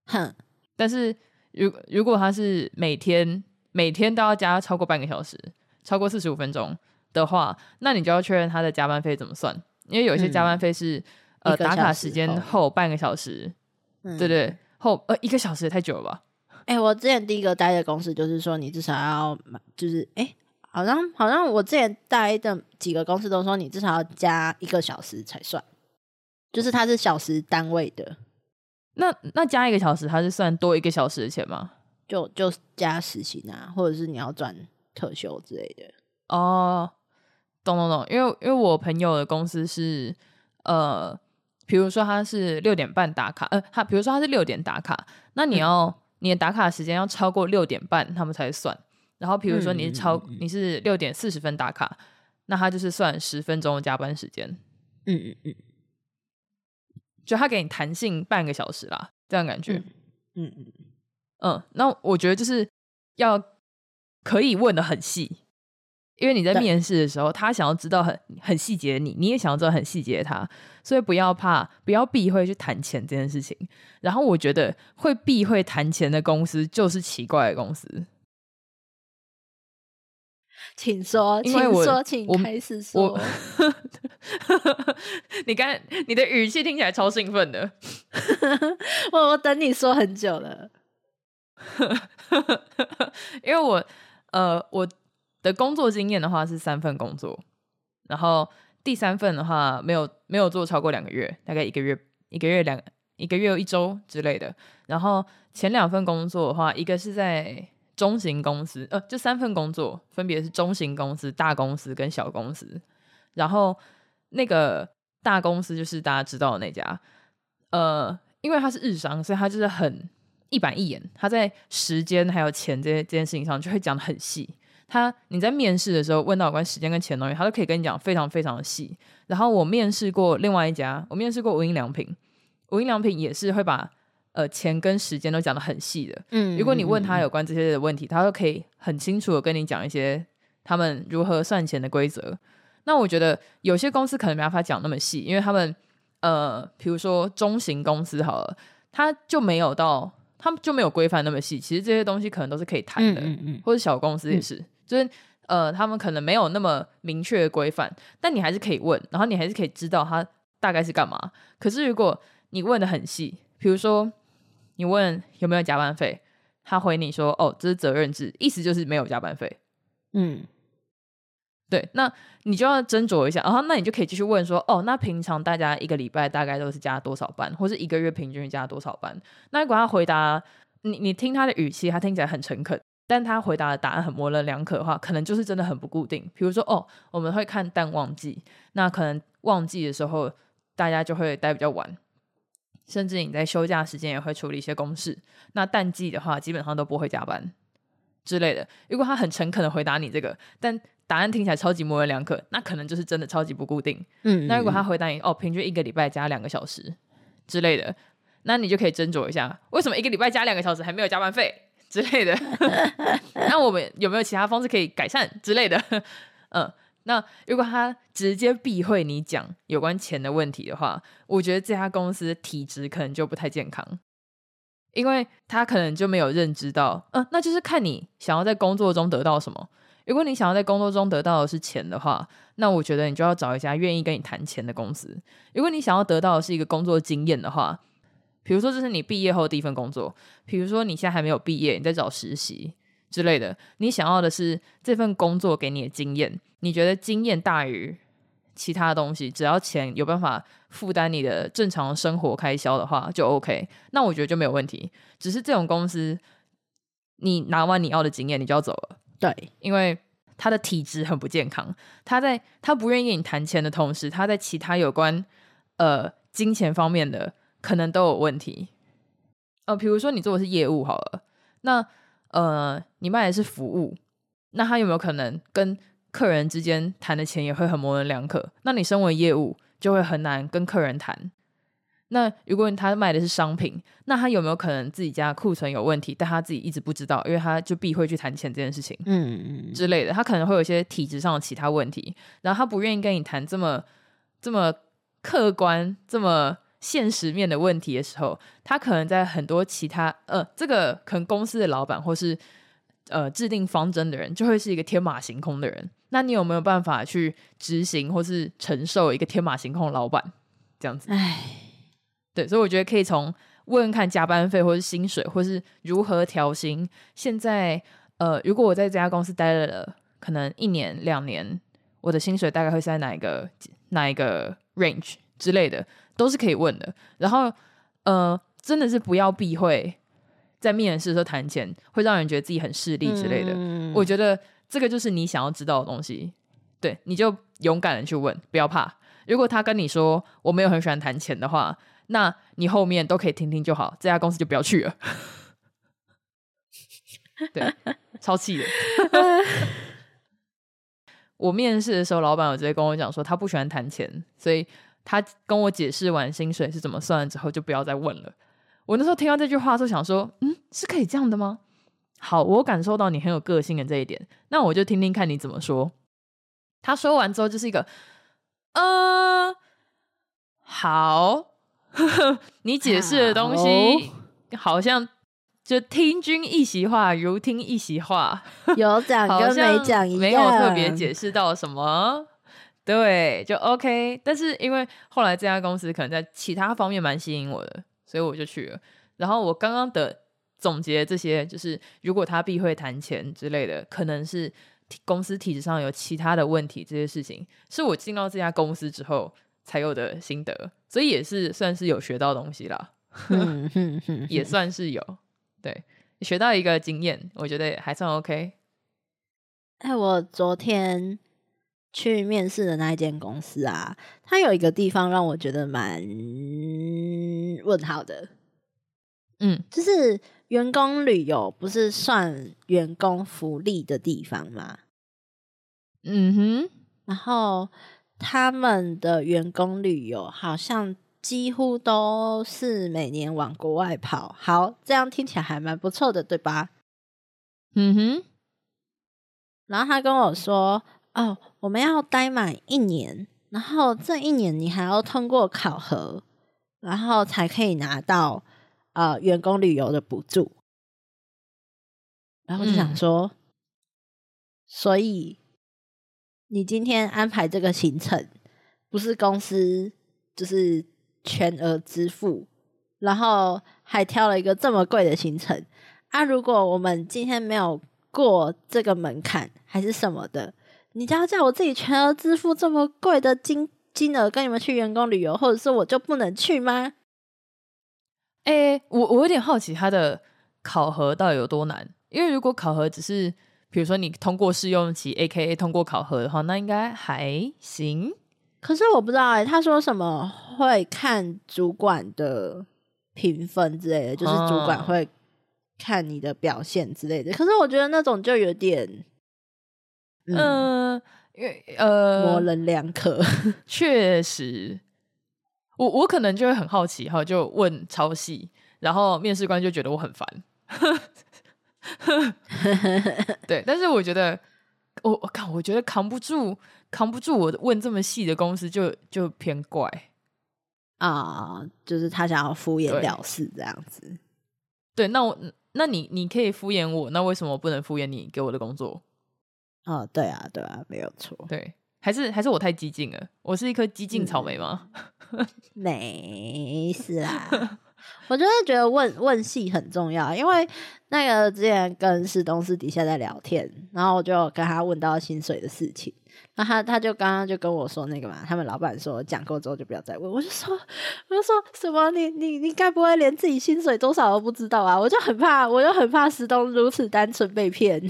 哼，但是如如果他是每天每天都要加超過半個小時，超過四十五分鐘的話，那你就要確認他的加班費怎麼算，因為有些加班費是、嗯、呃打卡時間後半個小時，嗯、對，對對，後呃一個小時太久了吧？哎、欸，我之前第一個待的公司就是說你至少要就是哎。欸好像好像我之前待的幾個公司都說，你至少要加一個小時才算，就是它是小時單位的。那那加一個小時，它是算多一個小時的錢嗎？就就加時薪啊，或者是你要賺特休之類的。哦，懂懂懂，因為因為我朋友的公司是呃，比如說他是六點半打卡，呃，他比如說他是六點打卡，那你要、嗯、你的打卡的時間要超過六點半，他們才算。然後，比如說你是超，嗯嗯嗯、你是六點四十分打卡，嗯嗯嗯，那他就是算十分鐘的加班時間。嗯嗯嗯，就他給你彈性半個小時啦，這樣感覺。嗯嗯嗯，嗯，那、嗯、我覺得就是要可以問的很細，因為你在面試的時候，他想要知道很很細節的你，你也想要知道很細節的他，所以不要怕，不要避諱去談錢這件事情。然後，我覺得會避諱談錢的公司就是奇怪的公司。請說，請說，請開始說。 *laughs* 你剛你的語氣聽起來超興奮的，我 *laughs* 我等你說很久了。 *laughs* 因為我呃，我的工作經驗的話是三份工作，然後第三份的話沒有沒有做超過兩個月，大概一個月一個月兩一個月一周之類的。然後前兩份工作的話，一個是在。中型公司，呃，就三份工作，分別是中型公司、大公司跟小公司。然後那個大公司就是大家知道的那家，呃，因為他是日商，所以他就是很一板一眼。他在時間還有錢這這件事情上就會講得很細。他你在面試的時候問到有關時間跟錢的東西，他都可以跟你講非常非常的細。然後我面試過另外一家，我面試過無印良品，無印良品也是會把。呃，錢跟時間都講得很細的。嗯，嗯，嗯，如果你問他有關這些的問題，他都可以很清楚的跟你講一些他們如何算錢的規則。那我覺得有些公司可能沒辦法講那麼細，因為他們呃，比如說中型公司好了，他就沒有到他們就沒有規範那麼細。其實這些東西可能都是可以談的，嗯嗯嗯，或者小公司也是，嗯、就是呃，他們可能沒有那麼明確的規範，但你還是可以問，然後你還是可以知道他大概是幹嘛。可是如果你問得很細，比如說你問有沒有加班費，他回你說：“哦，這是責任制，意思就是沒有加班費。”嗯，對，那你就要斟酌一下。然後，那你就可以繼續問說：“哦，那平常大家一個禮拜大概都是加多少班，或是一個月平均加多少班？”那如果他回答你，你聽他的語氣，他聽起來很誠懇，但他回答的答案很模稜兩可的話，可能就是真的很不固定。比如說：“哦，我們會看淡旺季，那可能旺季的時候大家就會待比較晚。”甚至你在休假時間也會處理一些公事。那淡季的話，基本上都不會加班之類的。如果他很誠懇的回答你這個，但答案聽起來超級模稜兩可，那可能就是真的超級不固定。嗯，嗯，嗯。那如果他回答你哦，平均一個禮拜加兩個小時之類的，那你就可以斟酌一下，為什麼一個禮拜加兩個小時還沒有加班費之類的？ *laughs* 那我們有沒有其他方式可以改善之類的？嗯。那如果他直接避諱你講有關錢的問題的話，我覺得這家公司的體質可能就不太健康，因為他可能就沒有認知到，嗯，那就是看你想要在工作中得到什麼。如果你想要在工作中得到的是錢的話，那我覺得你就要找一家願意跟你談錢的公司。如果你想要得到的是一個工作經驗的話，比如說這是你畢業後的第一份工作，比如說你現在還沒有畢業，你在找實習。之類的，你想要的是這份工作給你的經驗，你覺得經驗大於其他東西，只要錢有辦法負擔你的正常生活開銷的話，就 OK。那我覺得就沒有問題。只是這種公司，你拿完你要的經驗，你就要走了。對，因為他的體質很不健康。他在他不願意跟你談錢的同時，他在其他有關呃金錢方面的可能都有問題。呃，比如說你做的是業務好了，那呃，你賣的是服務，那他有沒有可能跟客人之間談的錢也會很模棱兩可？那你身為業務就會很難跟客人談。那如果他賣的是商品，那他有沒有可能自己家庫存有問題，但他自己一直不知道，因為他就必會去談錢這件事情，之類的，他可能會有一些體制上的其他問題，然後他不願意跟你談這麼這麼客觀這麼，現實面的問題的時候，他可能在很多其他呃，這個可能公司的老闆或是呃制定方針的人，就會是一個天馬行空的人。那你有沒有辦法去執行或是承受一個天馬行空的老板這樣子？唉，對，所以我覺得可以從問問看加班費或是薪水或是如何調薪。現在呃，如果我在這家公司待了可能一年兩年，我的薪水大概會是在哪一個哪一個 range 之類的。都是可以問的，然後，呃，真的是不要避諱，在面試的時候談錢會讓人覺得自己很勢利之類的。嗯。我覺得這個就是你想要知道的東西，對，你就勇敢的去問，不要怕。如果他跟你說我沒有很喜歡談錢的話，那你後面都可以聽聽就好，這家公司就不要去了。 *laughs* 對，超氣的。 *laughs* 我面試的時候，老闆有直接跟我講說他不喜歡談錢，所以。他跟我解釋完薪水是怎麼算的之後，就不要再問了。我那時候聽到這句話就想說，嗯，是可以這樣的嗎？好，我感受到你很有個性的這一點，那我就聽聽看你怎麼說。他說完之後就是一個，嗯、呃，好，呵呵，你解釋的東西好，好像就聽君一席話，如聽一席話。有講跟沒講一樣，沒有特別解釋到什麼。對，就 OK。但是因為後來這家公司可能在其他方面蠻吸引我的，所以我就去了。然後我剛剛的總結這些，就是如果他避諱談錢之類的，可能是公司體制上有其他的問題。這些事情是我進到這家公司之後才有的心得，所以也是算是有學到東西了， *laughs* 也算是有對學到一個經驗，我覺得還算 OK。哎，我昨天。去面試的那一間公司啊，它有一個地方讓我覺得蠻問號的，嗯，就是員工旅遊不是算員工福利的地方嗎？嗯哼，然後他們的員工旅遊好像幾乎都是每年往國外跑，好，這樣聽起來還蠻不錯的，對吧？嗯哼，然後他跟我說，哦。我們要待滿一年，然後這一年你還要通過考核，然後才可以拿到呃員工旅遊的補助。然後就想說，嗯、所以你今天安排這個行程，不是公司就是全額支付，然後還挑了一個這麼貴的行程，啊如果我們今天沒有過這個門檻，還是什麼的。你就要叫我自己全額支付這麼貴的金金額，跟你們去員工旅遊，或者是我就不能去嗎？誒、欸，我我有點好奇他的考核到底有多難，因為如果考核只是比如說你通過試用期，AKA 通過考核的話，那應該還行。可是我不知道誒、欸，他說什麼會看主管的評分之類的，就是主管會看你的表現之類的。哦、可是我覺得那種就有點。嗯、呃，因為呃，模稜兩可，確實，我我可能就會很好奇哈，就問超細，然後面試官就覺得我很煩， *laughs* *laughs* *laughs* 對，但是我覺得我我靠，我覺得扛不住，扛不住，我問這麼細的公司就就偏怪啊、哦，就是他想要敷衍了事這樣子，對，對那我那你你可以敷衍我，那為什麼我不能敷衍你給我的工作？哦，對啊，對啊，沒有錯。對，還是還是我太激進了，我是一顆激進草莓嗎？嗯、沒事啦，啊、 *laughs* 我就是覺得問問戲很重要，因為那個之前跟石咚私底下在聊天，然後我就跟他問到薪水的事情，然後他他就剛剛就跟我說那個嘛，他們老闆說講過之後就不要再問，我就說我就說什麼你你你該不會連自己薪水多少都不知道啊？我就很怕，我就很怕石咚如此單純被騙。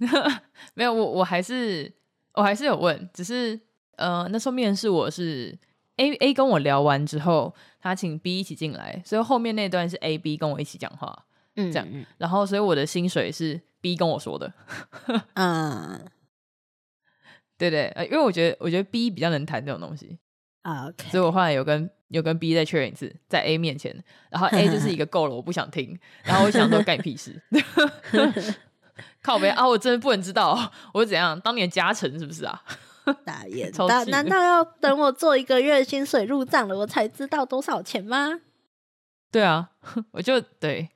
*laughs* 沒有，我我還是我還是有問，只是呃，那時候面試我是 A A 跟我聊完之後，他請 B 一起進來，所以後面那段是 A B 跟我一起講話，嗯，這樣，然後所以我的薪水是 B 跟我說的，嗯、 *laughs* uh.，對,對對，因為我覺得我覺得 B 比較能談這種東西、uh, okay. 所以我後來有跟有跟 B 再確認一次，在 A 面前，然後 A 就是一個夠了， *laughs* 我不想聽，然後我想說干你屁事。 *laughs* *laughs* 靠北啊！我真的不能知道我怎樣當年加成，是不是啊？ *laughs* 大爺，到難道要等我做一個月薪水入賬了，我才知道多少錢嗎？對啊，我就對。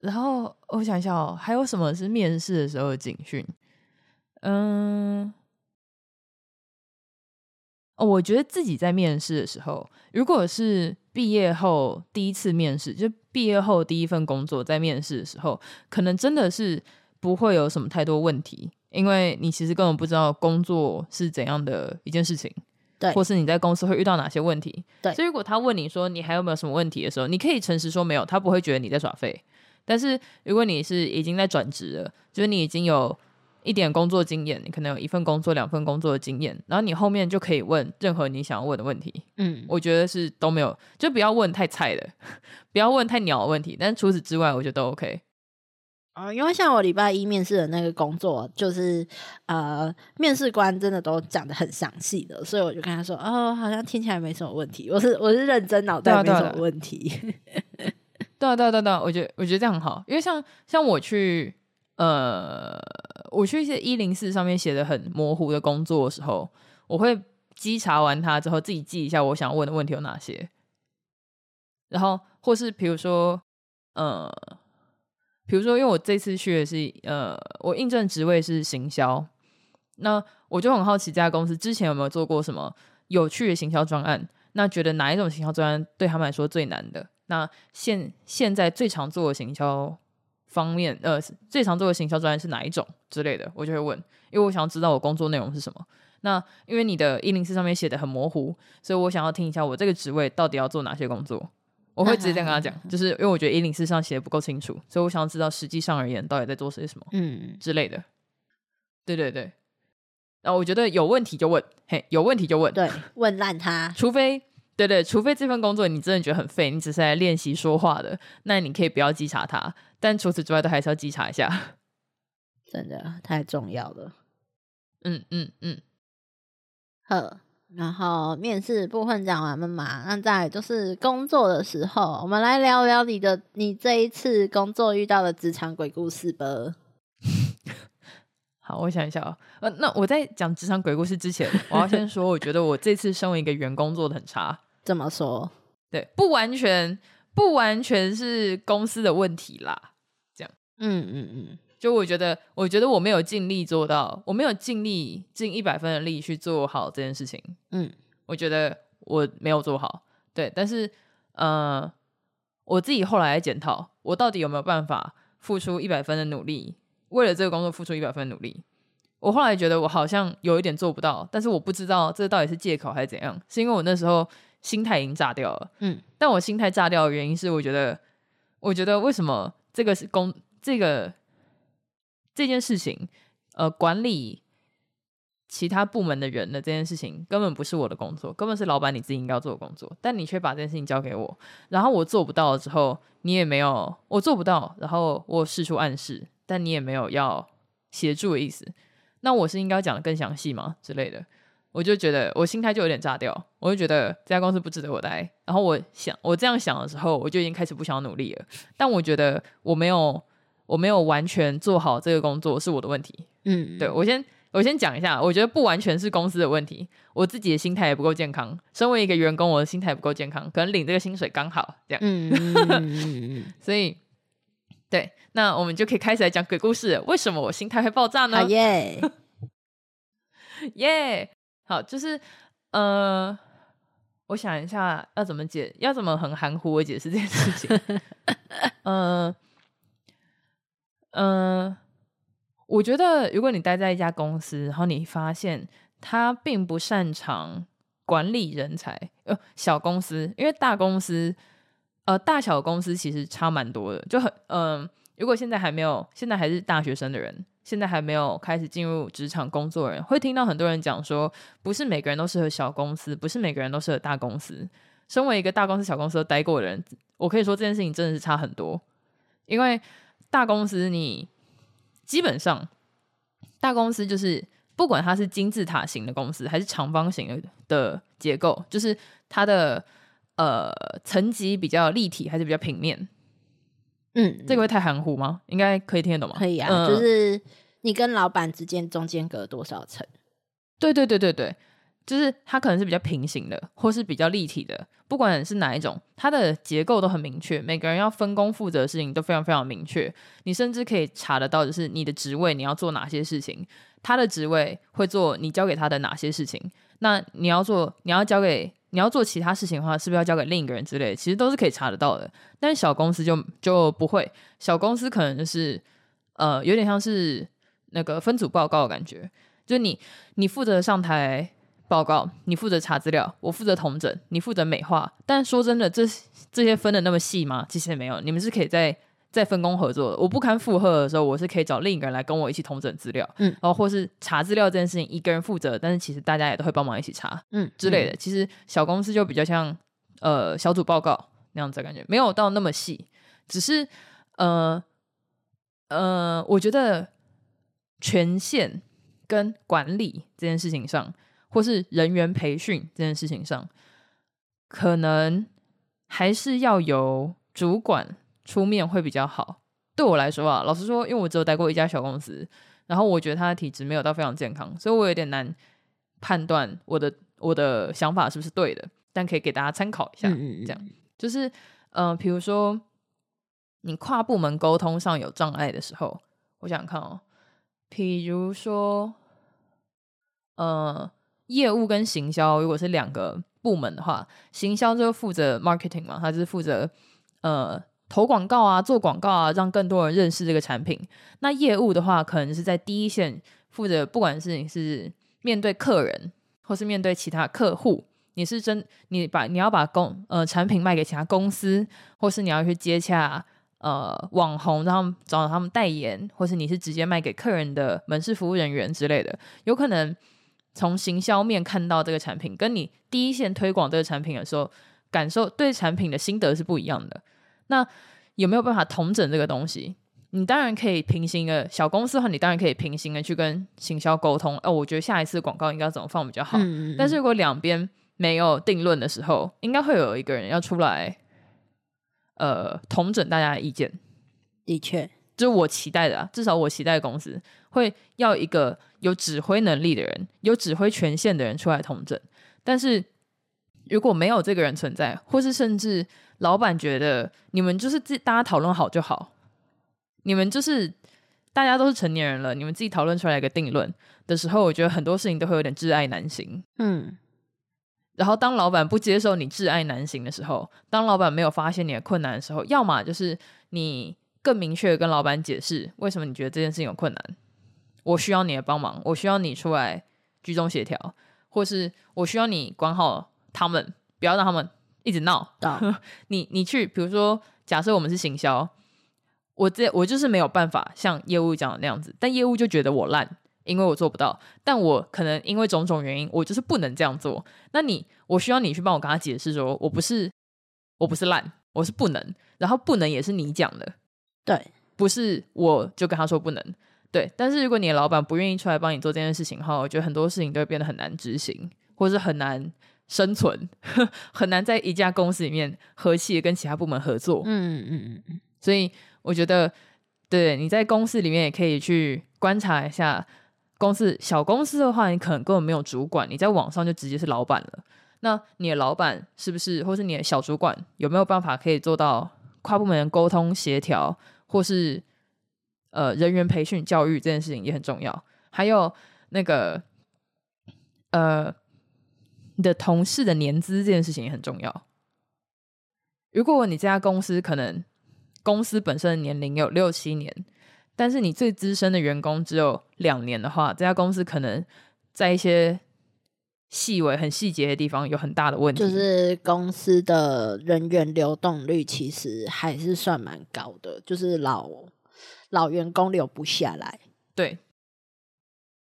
然後我想一下、喔，還有什麼是面試的時候的警訊？嗯，我覺得自己在面試的時候，如果是畢業後第一次面試，就畢業後第一份工作，在面試的時候，可能真的是。不會有什麼太多問題，因為你其實根本不知道工作是怎樣的一件事情，對，或是你在公司會遇到哪些問題，對。所以如果他問你說你還有沒有什麼問題的時候，你可以誠實說沒有，他不會覺得你在耍廢。但是如果你是已經在轉職了，就是你已經有一點工作經驗，你可能有一份工作、兩份工作的經驗，然後你後面就可以問任何你想要問的問題。嗯，我覺得是都沒有，就不要問太菜的，不要問太鳥的問題。但是除此之外，我覺得都 OK。因為像我禮拜一面試的那個工作，就是呃，面試官真的都講得很詳細的，所以我就跟他說：“哦，好像聽起來沒什麼問題。”我是我是認真，腦袋沒什麼問題。對啊，對啊，對啊，對啊，對啊，我覺得我覺得這樣很好，因為像像我去呃，我去一些一零四上面寫得很模糊的工作的時候，我會稽查完它之後，自己記一下我想要問的問題有哪些，然後或是譬如說呃。比如說，因為我這次去的是，呃，我應徵職位是行銷，那我就很好奇這家公司之前有沒有做過什麼有趣的行銷專案？那覺得哪一種行銷專案對他們來說最難的？那現現在最常做的行銷方面，呃，最常做的行銷專案是哪一種之類的？我就會問，因為我想要知道我工作內容是什麼。那因為你的一零四上面寫的很模糊，所以我想要聽一下我這個職位到底要做哪些工作。我會直接這樣跟他講， *laughs* 就是因為我覺得一零四上寫的不夠清楚，所以我想要知道實際上而言到底在做些什麼、嗯、之類的。對對對，然、啊、後我覺得有問題就問，嘿，有問題就問，對，問爛他。除非對，對對，除非這份工作你真的覺得很廢，你只是來練習說話的，那你可以不要稽查他。但除此之外，都還是要稽查一下，真的太重要了。嗯嗯嗯，好、嗯。然後面試部分講完了嘛？那再就是工作的時候，我們來聊聊你的你這一次工作遇到的職場鬼故事吧。好，我想一下哦。呃，那我在講職場鬼故事之前， *laughs* 我要先說，我覺得我這次身為一個員工做的很差。怎麼說？對，不完全不完全是公司的問題啦。這樣，嗯嗯嗯。嗯就我覺得，我覺得我沒有盡力做到，我沒有盡力盡一百分的力去做好這件事情。嗯，我覺得我沒有做好。對，但是，呃，我自己後來在檢討，我到底有沒有辦法付出一百分的努力，為了這個工作付出一百分的努力？我後來覺得我好像有一點做不到，但是我不知道這到底是借口還是怎樣，是因為我那時候心態已經炸掉了。嗯，但我心態炸掉的原因是，我覺得，我覺得為什麼這個是工這個。這件事情，呃，管理其他部門的人的這件事情根本不是我的工作，根本是老闆你自己應該要做的工作。但你卻把這件事情交給我，然後我做不到之後，你也沒有我做不到，然後我釋出暗示，但你也沒有要協助的意思。那我是應該講得更詳細嗎之類的？我就覺得我心態就有點炸掉，我就覺得這家公司不值得我待。然後我想，我這樣想的時候，我就已經開始不想努力了。但我覺得我沒有。我沒有完全做好這個工作，是我的問題。嗯，對，我先，我先講一下，我覺得不完全是公司的問題，我自己的心態也不夠健康。身為一個員工，我的心態不夠健康，可能領這個薪水剛好這樣。嗯、嗯、嗯、嗯、嗯 *laughs* 所以，對，那我們就可以開始來講鬼故事。為什麼我心態會爆炸呢？好耶，耶、 *laughs* yeah，好，就是呃，我想一下要怎麼解，要怎麼很含糊我解釋這件事情。嗯、 *laughs* 呃。嗯、呃，我覺得，如果你待在一家公司，然後你發現他並不擅長管理人才，呃，小公司，因為大公司，呃，大小公司其實差蠻多的，就很，嗯、呃，如果現在還沒有，現在還是大學生的人，現在還沒有開始進入職場工作的人，會聽到很多人講說，不是每個人都適合小公司，不是每個人都適合大公司。身為一個大公司、小公司都待過的人，我可以說這件事情真的是差很多，因為。大公司你基本上，大公司就是不管它是金字塔型的公司還是長方形的，的結構，就是它的呃層級比較立體還是比較平面？嗯，這個會太含糊嗎？應該可以聽得懂嗎？可以啊，呃、就是你跟老闆之間中間隔多少層？對對對對對，對。就是它可能是比較平行的，或是比較立體的，不管是哪一種，它的結構都很明確。每個人要分工負責的事情都非常非常明確。你甚至可以查得到的是你的職位你要做哪些事情，他的職位會做你交給他的哪些事情。那你要做，你要交給你要做其他事情的話，是不是要交給另一個人之類的？其實都是可以查得到的。但是小公司就就不會，小公司可能就是呃有點像是那個分組報告的感覺，就你你負責上台。報告，你負責查資料，我負責統整，你負責美化。但說真的，這這些分得那麼細嗎？其實沒有，你們是可以再再分工合作的。我不堪負荷的時候，我是可以找另一個人來跟我一起統整資料，嗯，然後或是查資料這件事情一個人負責，但是其實大家也都會幫忙一起查，嗯之類的、嗯。其實小公司就比較像呃小組報告那樣子的感覺，沒有到那麼細，只是呃呃，我覺得權限跟管理這件事情上。或是人員培訓這件事情上，可能還是要由主管出面會比較好。對我來說啊，老實說，因為我只有待過一家小公司，然後我覺得他的體質沒有到非常健康，所以我有點難判斷我的我的想法是不是對的。但可以給大家參考一下，嗯嗯嗯這樣就是，嗯、呃，比如說你跨部門溝通上有障礙的時候，我想看哦，比如說，嗯、呃。業務跟行銷，如果是兩個部門的話，行銷就負責 marketing 嘛，他是負責呃投廣告啊、做廣告啊，讓更多人認識這個產品。那業務的話，可能是在第一線負責，不管是你是面對客人，或是面對其他客戶，你是真你把你要把公呃產品賣給其他公司，或是你要去接洽呃網紅，讓他們找他們代言，或是你是直接賣給客人的門市服務人員之類的，有可能。從行銷面看到這個產品，跟你第一線推廣這個產品的時候，感受對產品的心得是不一樣的。那有沒有辦法統整這個東西？你當然可以平行的，小公司的話，你當然可以平行的去跟行銷溝通。哦，我覺得下一次廣告應該怎麼放比較好？嗯嗯嗯。但是如果兩邊沒有定論的時候，應該會有一個人要出來，呃，統整大家的意見。的確，就是我期待的啊，至少我期待的公司會要一個，有指揮能力的人，有指揮權限的人出來統整。但是如果沒有這個人存在，或是甚至老板覺得你們就是自大家討論好就好，你們就是大家都是成年人了，你們自己討論出來一個定論的時候，我覺得很多事情都會有點窒礙難行。嗯。然後當老板不接受你窒礙難行的時候，當老板沒有發現你的困難的時候，要麼就是你更明確跟老板解釋為什麼你覺得這件事情有困難。我需要你的幫忙，我需要你出來居中協調，或是我需要你管好他們，不要讓他們一直鬧。Uh. *laughs* 你你去，比如說，假設我們是行銷，我這我就是沒有辦法像業務講的那樣子，但業務就覺得我爛，因為我做不到。但我可能因為種種原因，我就是不能這樣做。那你，我需要你去幫我跟他解釋，說我不是，我不是爛，我是不能。然後不能也是你講的，對，不是我就跟他說不能。對，但是如果你的老闆不願意出來幫你做這件事情的話，我覺得很多事情都會變得很難執行，或者是很難生存呵，很難在一家公司裡面和氣的跟其他部門合作。嗯嗯嗯嗯，所以我覺得，對，你在公司裡面也可以去觀察一下公司。小公司的話，你可能根本沒有主管，你在網上就直接是老闆了。那你的老闆是不是，或是你的小主管，有沒有辦法可以做到跨部門溝通協調，或是？呃，人員培訓教育這件事情也很重要，還有那個呃你的同事的年資這件事情也很重要。如果你這家公司可能公司本身的年齡有六七年，但是你最資深的員工只有兩年的話，這家公司可能在一些細微、很細節的地方有很大的問題。就是公司的人員流動率其實還是算蠻高的，就是老。老員工留不下來，對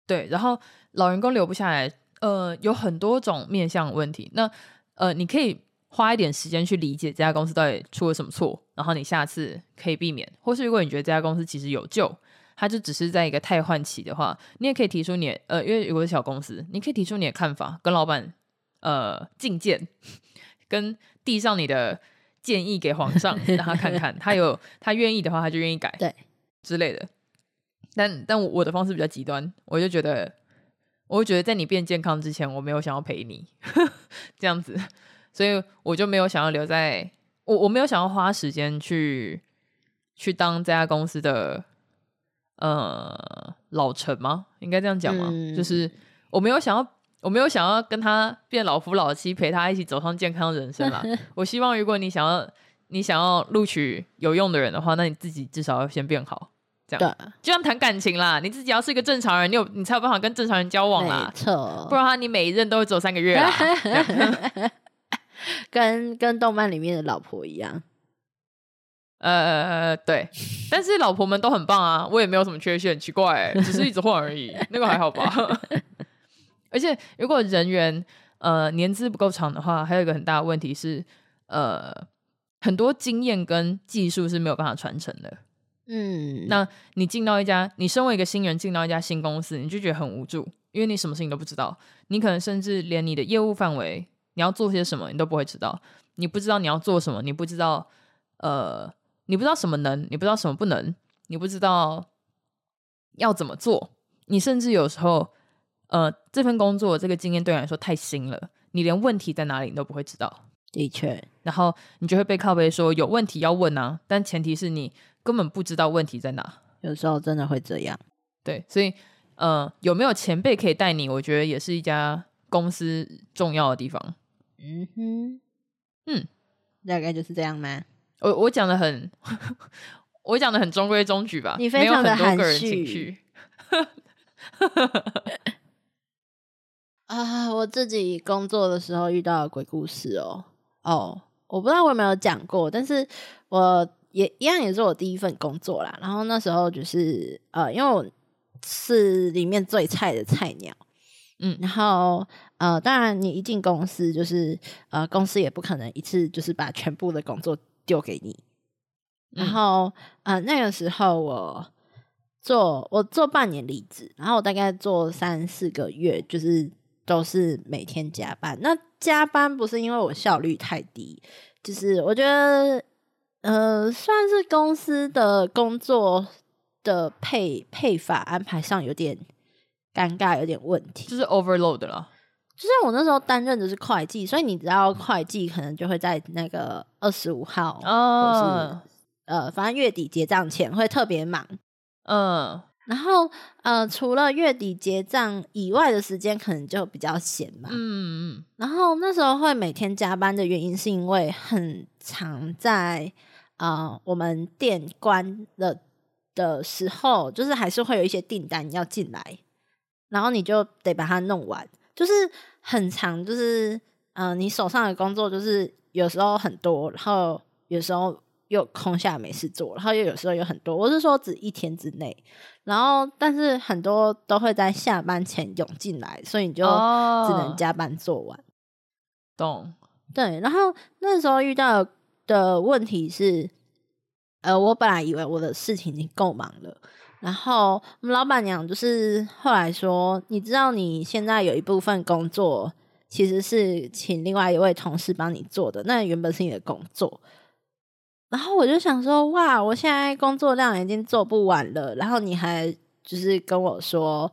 對，然後老員工留不下來，呃，有很多種面向問題。那呃，你可以花一點時間去理解這家公司到底出了什麼錯，然後你下次可以避免。或是如果你覺得這家公司其實有救，他就只是在一個汰換期的話，你也可以提出你的呃，因為如果是小公司，你可以提出你的看法，跟老闆呃進諫，跟遞上你的建議給皇上，讓他看看， *laughs* 他有他願意的話，他就願意改。對。之類的，但但我的方式比較極端，我就覺得，我會覺得在你變健康之前，我沒有想要陪你 *laughs* 這樣子，所以我就沒有想要留在，我我沒有想要花時間去去當這家公司的呃老臣嗎？應該這樣講嗎，嗯？就是我沒有想要，我沒有想要跟他變老夫老妻，陪他一起走上健康人生啦。 *laughs* 我希望，如果你想要你想要錄取有用的人的話，那你自己至少要先變好。這樣，對，就像談感情啦，你自己要是一個正常人，你有你才有辦法跟正常人交往啦，錯，不然的話你每一任都會走三個月，啊、 *laughs* 這樣 *laughs* 跟跟動漫裡面的老婆一樣，呃，對，但是老婆們都很棒啊，我也沒有什麼缺陷，奇怪，欸，只是一直換而已， *laughs* 那個還好吧， *laughs* 而且如果人員呃年資不夠長的話，還有一個很大的問題是，呃，很多經驗跟技術是沒有辦法傳承的。嗯，那你進到一家，你身為一個新人進到一家新公司，你就覺得很無助，因為你什麼事情都不知道，你可能甚至連你的業務範圍，你要做些什麼你都不會知道，你不知道你要做什麼，你不知道呃，你不知道什麼能，你不知道什麼不能，你不知道要怎麼做，你甚至有時候呃，這份工作這個經驗對你來說太新了，你連問題在哪裡你都不會知道，的確，確，然後你就會被靠背說有問題要問啊，但前提是你。根本不知道問題在哪，有時候真的會這樣。對，所以，呃，有沒有前輩可以帶你？我覺得也是一家公司重要的地方。嗯哼，嗯，大概就是這樣嗎？我我講得很， *laughs* 我講得很中規中矩吧？你非常的含蓄。沒有很多個人情緒。啊， *laughs* *laughs* uh, 我自己工作的時候遇到的鬼故事哦哦，oh, 我不知道我有沒有講過，但是我。也一樣也是我第一份工作啦，然後那時候就是呃，因為我是裡面最菜的菜鳥，嗯，然後呃，當然你一進公司就是呃，公司也不可能一次就是把全部的工作丟給你，嗯、然後呃，那個時候我做我做半年離職，然後我大概做三四個月，就是都是每天加班。那加班不是因為我效率太低，就是我覺得。呃，算是公司的工作的配配法安排上有點尷尬，有點問題，就是 overload 了。就像我那時候擔任的是會計，所以你知道會計可能就會在那個二十五號、Oh. 或是，呃，反正月底結賬前會特別忙。嗯、Oh.，然後呃，除了月底結賬以外的時間，可能就比較閒嘛。嗯嗯。然後那時候會每天加班的原因，是因為很常在。啊、呃，我們店關了的時候，就是還是會有一些訂單要進來，然後你就得把它弄完。就是很常，就是嗯、呃，你手上的工作就是有時候很多，然後有時候又空下沒事做，然後又有時候有很多。我是說只一天之內，然後但是很多都會在下班前湧進來，所以你就只能加班做完。懂、oh,？對，然後那時候遇到。的問題是，呃，我本來以為我的事情已經夠忙了，然後我們老闆娘就是後來說，你知道你現在有一部分工作其實是請另外一位同事幫你做的，那原本是你的工作，然後我就想說，哇，我現在工作量已經做不完了，然後你還就是跟我說，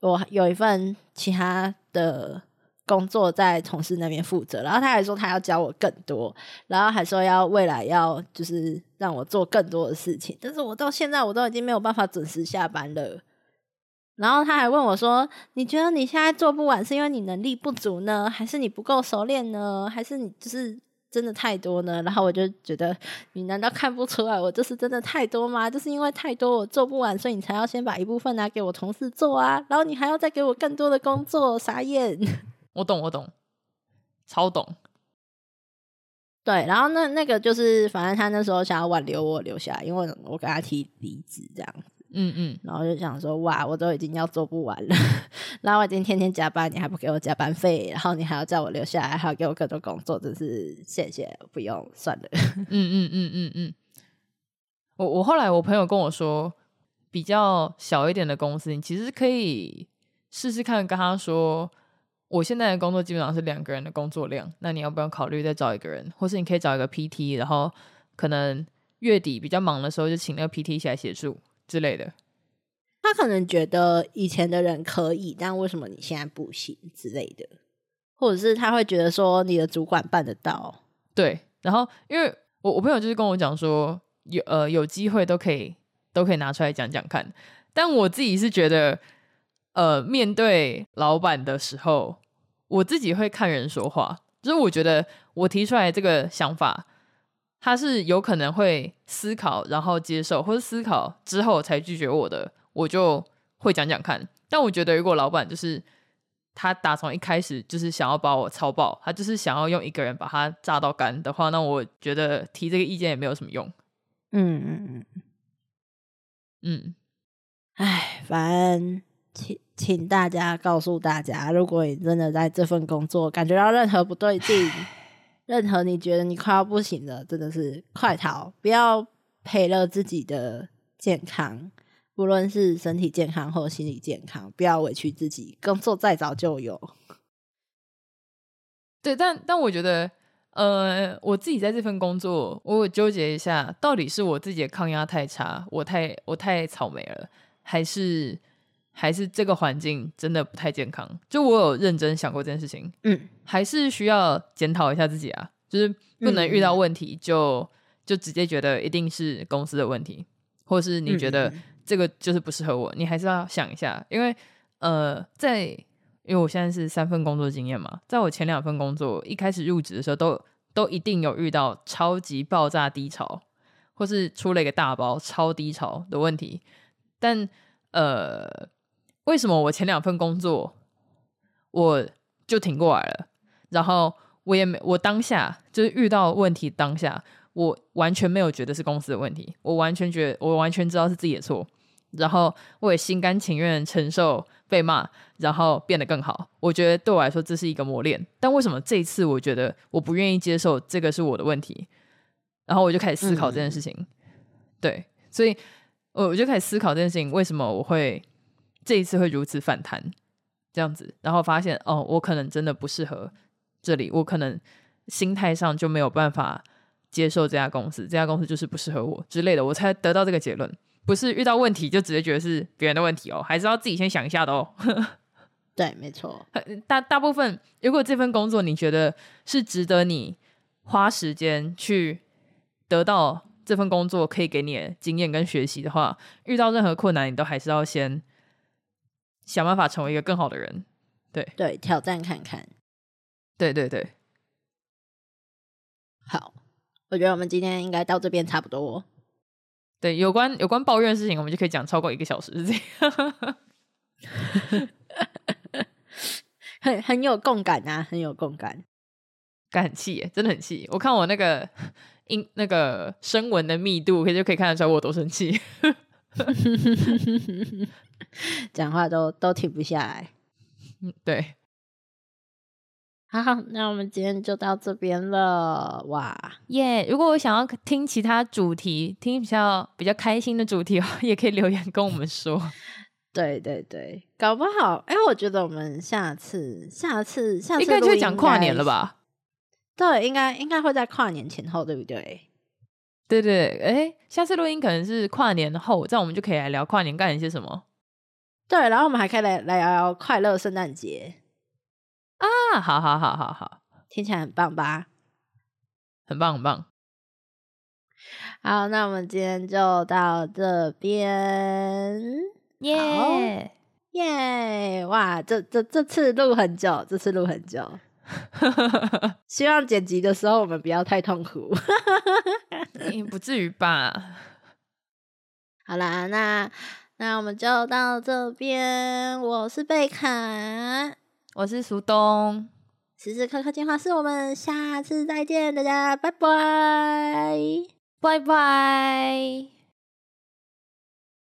我有一份其他的。工作在同事那邊負責，然後他還說他要教我更多，然後還說要未來要就是讓我做更多的事情。但是我到現在我都已經沒有辦法準時下班了。然後他還問我說：“你覺得你現在做不完是因為你能力不足呢，還是你不夠熟練呢，還是你就是真的太多呢？”然後我就覺得你難道看不出來我這是真的太多嗎？就是因為太多我做不完，所以你才要先把一部分拿給我同事做啊。然後你還要再給我更多的工作，傻眼。我懂，我懂，超懂。對，然後那那個就是，反正他那時候想要挽留我留下，因為我跟他提離職這樣子。嗯嗯。然後就想說，哇，我都已經要做不完了， *laughs* 然後我已經天天加班，你還不給我加班費，然後你還要叫我留下來，還要給我更多工作，真是謝謝，不用算了。 *laughs* 嗯嗯嗯嗯嗯。我我後來我朋友跟我說，比較小一點的公司，你其實可以試試看，跟他說。我現在的工作基本上是兩個人的工作量，那你要不要考慮再找一個人，或是你可以找一個 PT，然後可能月底比較忙的時候就請那個 PT 起來協助之類的。他可能覺得以前的人可以，但為什麼你現在不行之類的，或者是他會覺得說你的主管辦得到。對，然後因為我我朋友就是跟我講說，有呃有機會都可以都可以拿出來講講看，但我自己是覺得，呃，面對老闆的時候。我自己會看人說話，就是我覺得我提出來這個想法，他是有可能會思考然後接受，或者思考之後才拒絕我的，我就會講講看。但我覺得如果老板就是他打從一開始就是想要把我操爆，他就是想要用一個人把他榨到乾的話，那我覺得提這個意見也沒有什麼用。嗯嗯嗯嗯，嗯，哎，反正。請大家告訴大家，如果你真的在這份工作感覺到任何不對勁，任何你覺得你快要不行了，真的是快逃！不要賠了自己的健康，不論是身體健康或心理健康，不要委屈自己。工作再找就有。對，但但我覺得，呃，我自己在這份工作，我有糾結一下，到底是我自己的抗壓太差，我太我太草莓了，還是？還是這個環境真的不太健康，就我有認真想過這件事情，嗯，還是需要檢討一下自己啊，就是不能遇到問題，就就直接覺得一定是公司的問題，或是你覺得這個就是不適合我，你還是要想一下，因為呃，在因為我現在是三份工作經驗嘛，在我前兩份工作一開始入職的時候，都都一定有遇到超級爆炸低潮，或是出了一個大包超低潮的問題，但呃。為什麼我前兩份工作我就挺過來了？然後我也沒，我當下就是遇到問題，當下我完全沒有覺得是公司的問題，我完全覺得，我完全知道是自己的錯。然後我也心甘情願承受被罵，然後變得更好。我覺得對我來說，這是一個磨練。但為什麼這一次我覺得我不願意接受這個是我的問題？然後我就開始思考這件事情。嗯、對，所以，我我就開始思考這件事情，為什麼我會？這一次會如此反彈，這樣子，然後發現哦，我可能真的不適合這裡，我可能心態上就沒有辦法接受這家公司，這家公司就是不適合我之類的，我才得到這個結論。不是遇到問題就直接覺得是別人的問題哦，還是要自己先想一下的哦。對，沒錯。大大部分，如果這份工作你覺得是值得你花時間去得到這份工作可以給你的經驗跟學習的話，遇到任何困難，你都還是要先。想辦法成為一個更好的人，對對，挑戰看看，對對對，好，我覺得我們今天應該到這邊差不多哦。對，有關有關抱怨的事情，我們就可以講超過一個小時是這樣。 *laughs* *laughs* *laughs* 很很有共感啊，很有共感，感很氣耶，真的很氣。我看我那個音，那個聲紋的密度，可以就可以看得出來我多生氣。 *laughs* *laughs* 講 *laughs* 話都都停不下來，對，好，好，那我們今天就到這邊了，哇耶！Yeah, 如果我想要聽其他主題，聽比較比較開心的主題的話，也可以留言跟我們說。 *laughs* 對對對，搞不好，哎、欸，我覺得我們下次、下次、下次、欸、應該就講跨年了吧？對，應該應該會在跨年前後，對不對？對對，對，哎、欸，下次錄音可能是跨年後，這樣我們就可以來聊跨年幹一些什麼。對，然後我們還可以來來聊聊快樂聖誕節啊！好好好好好，聽起來很棒吧？很棒很棒！好，那我們今天就到這邊，耶耶！哇，這這這次錄很久，這次錄很久， *laughs* 希望剪輯的時候我們不要太痛苦， *laughs* 不至於吧？好啦，那。那我們就到這邊。我是蓓卡，我是石咚，時石刻刻精華室，我們下次再見，大家拜拜，拜拜。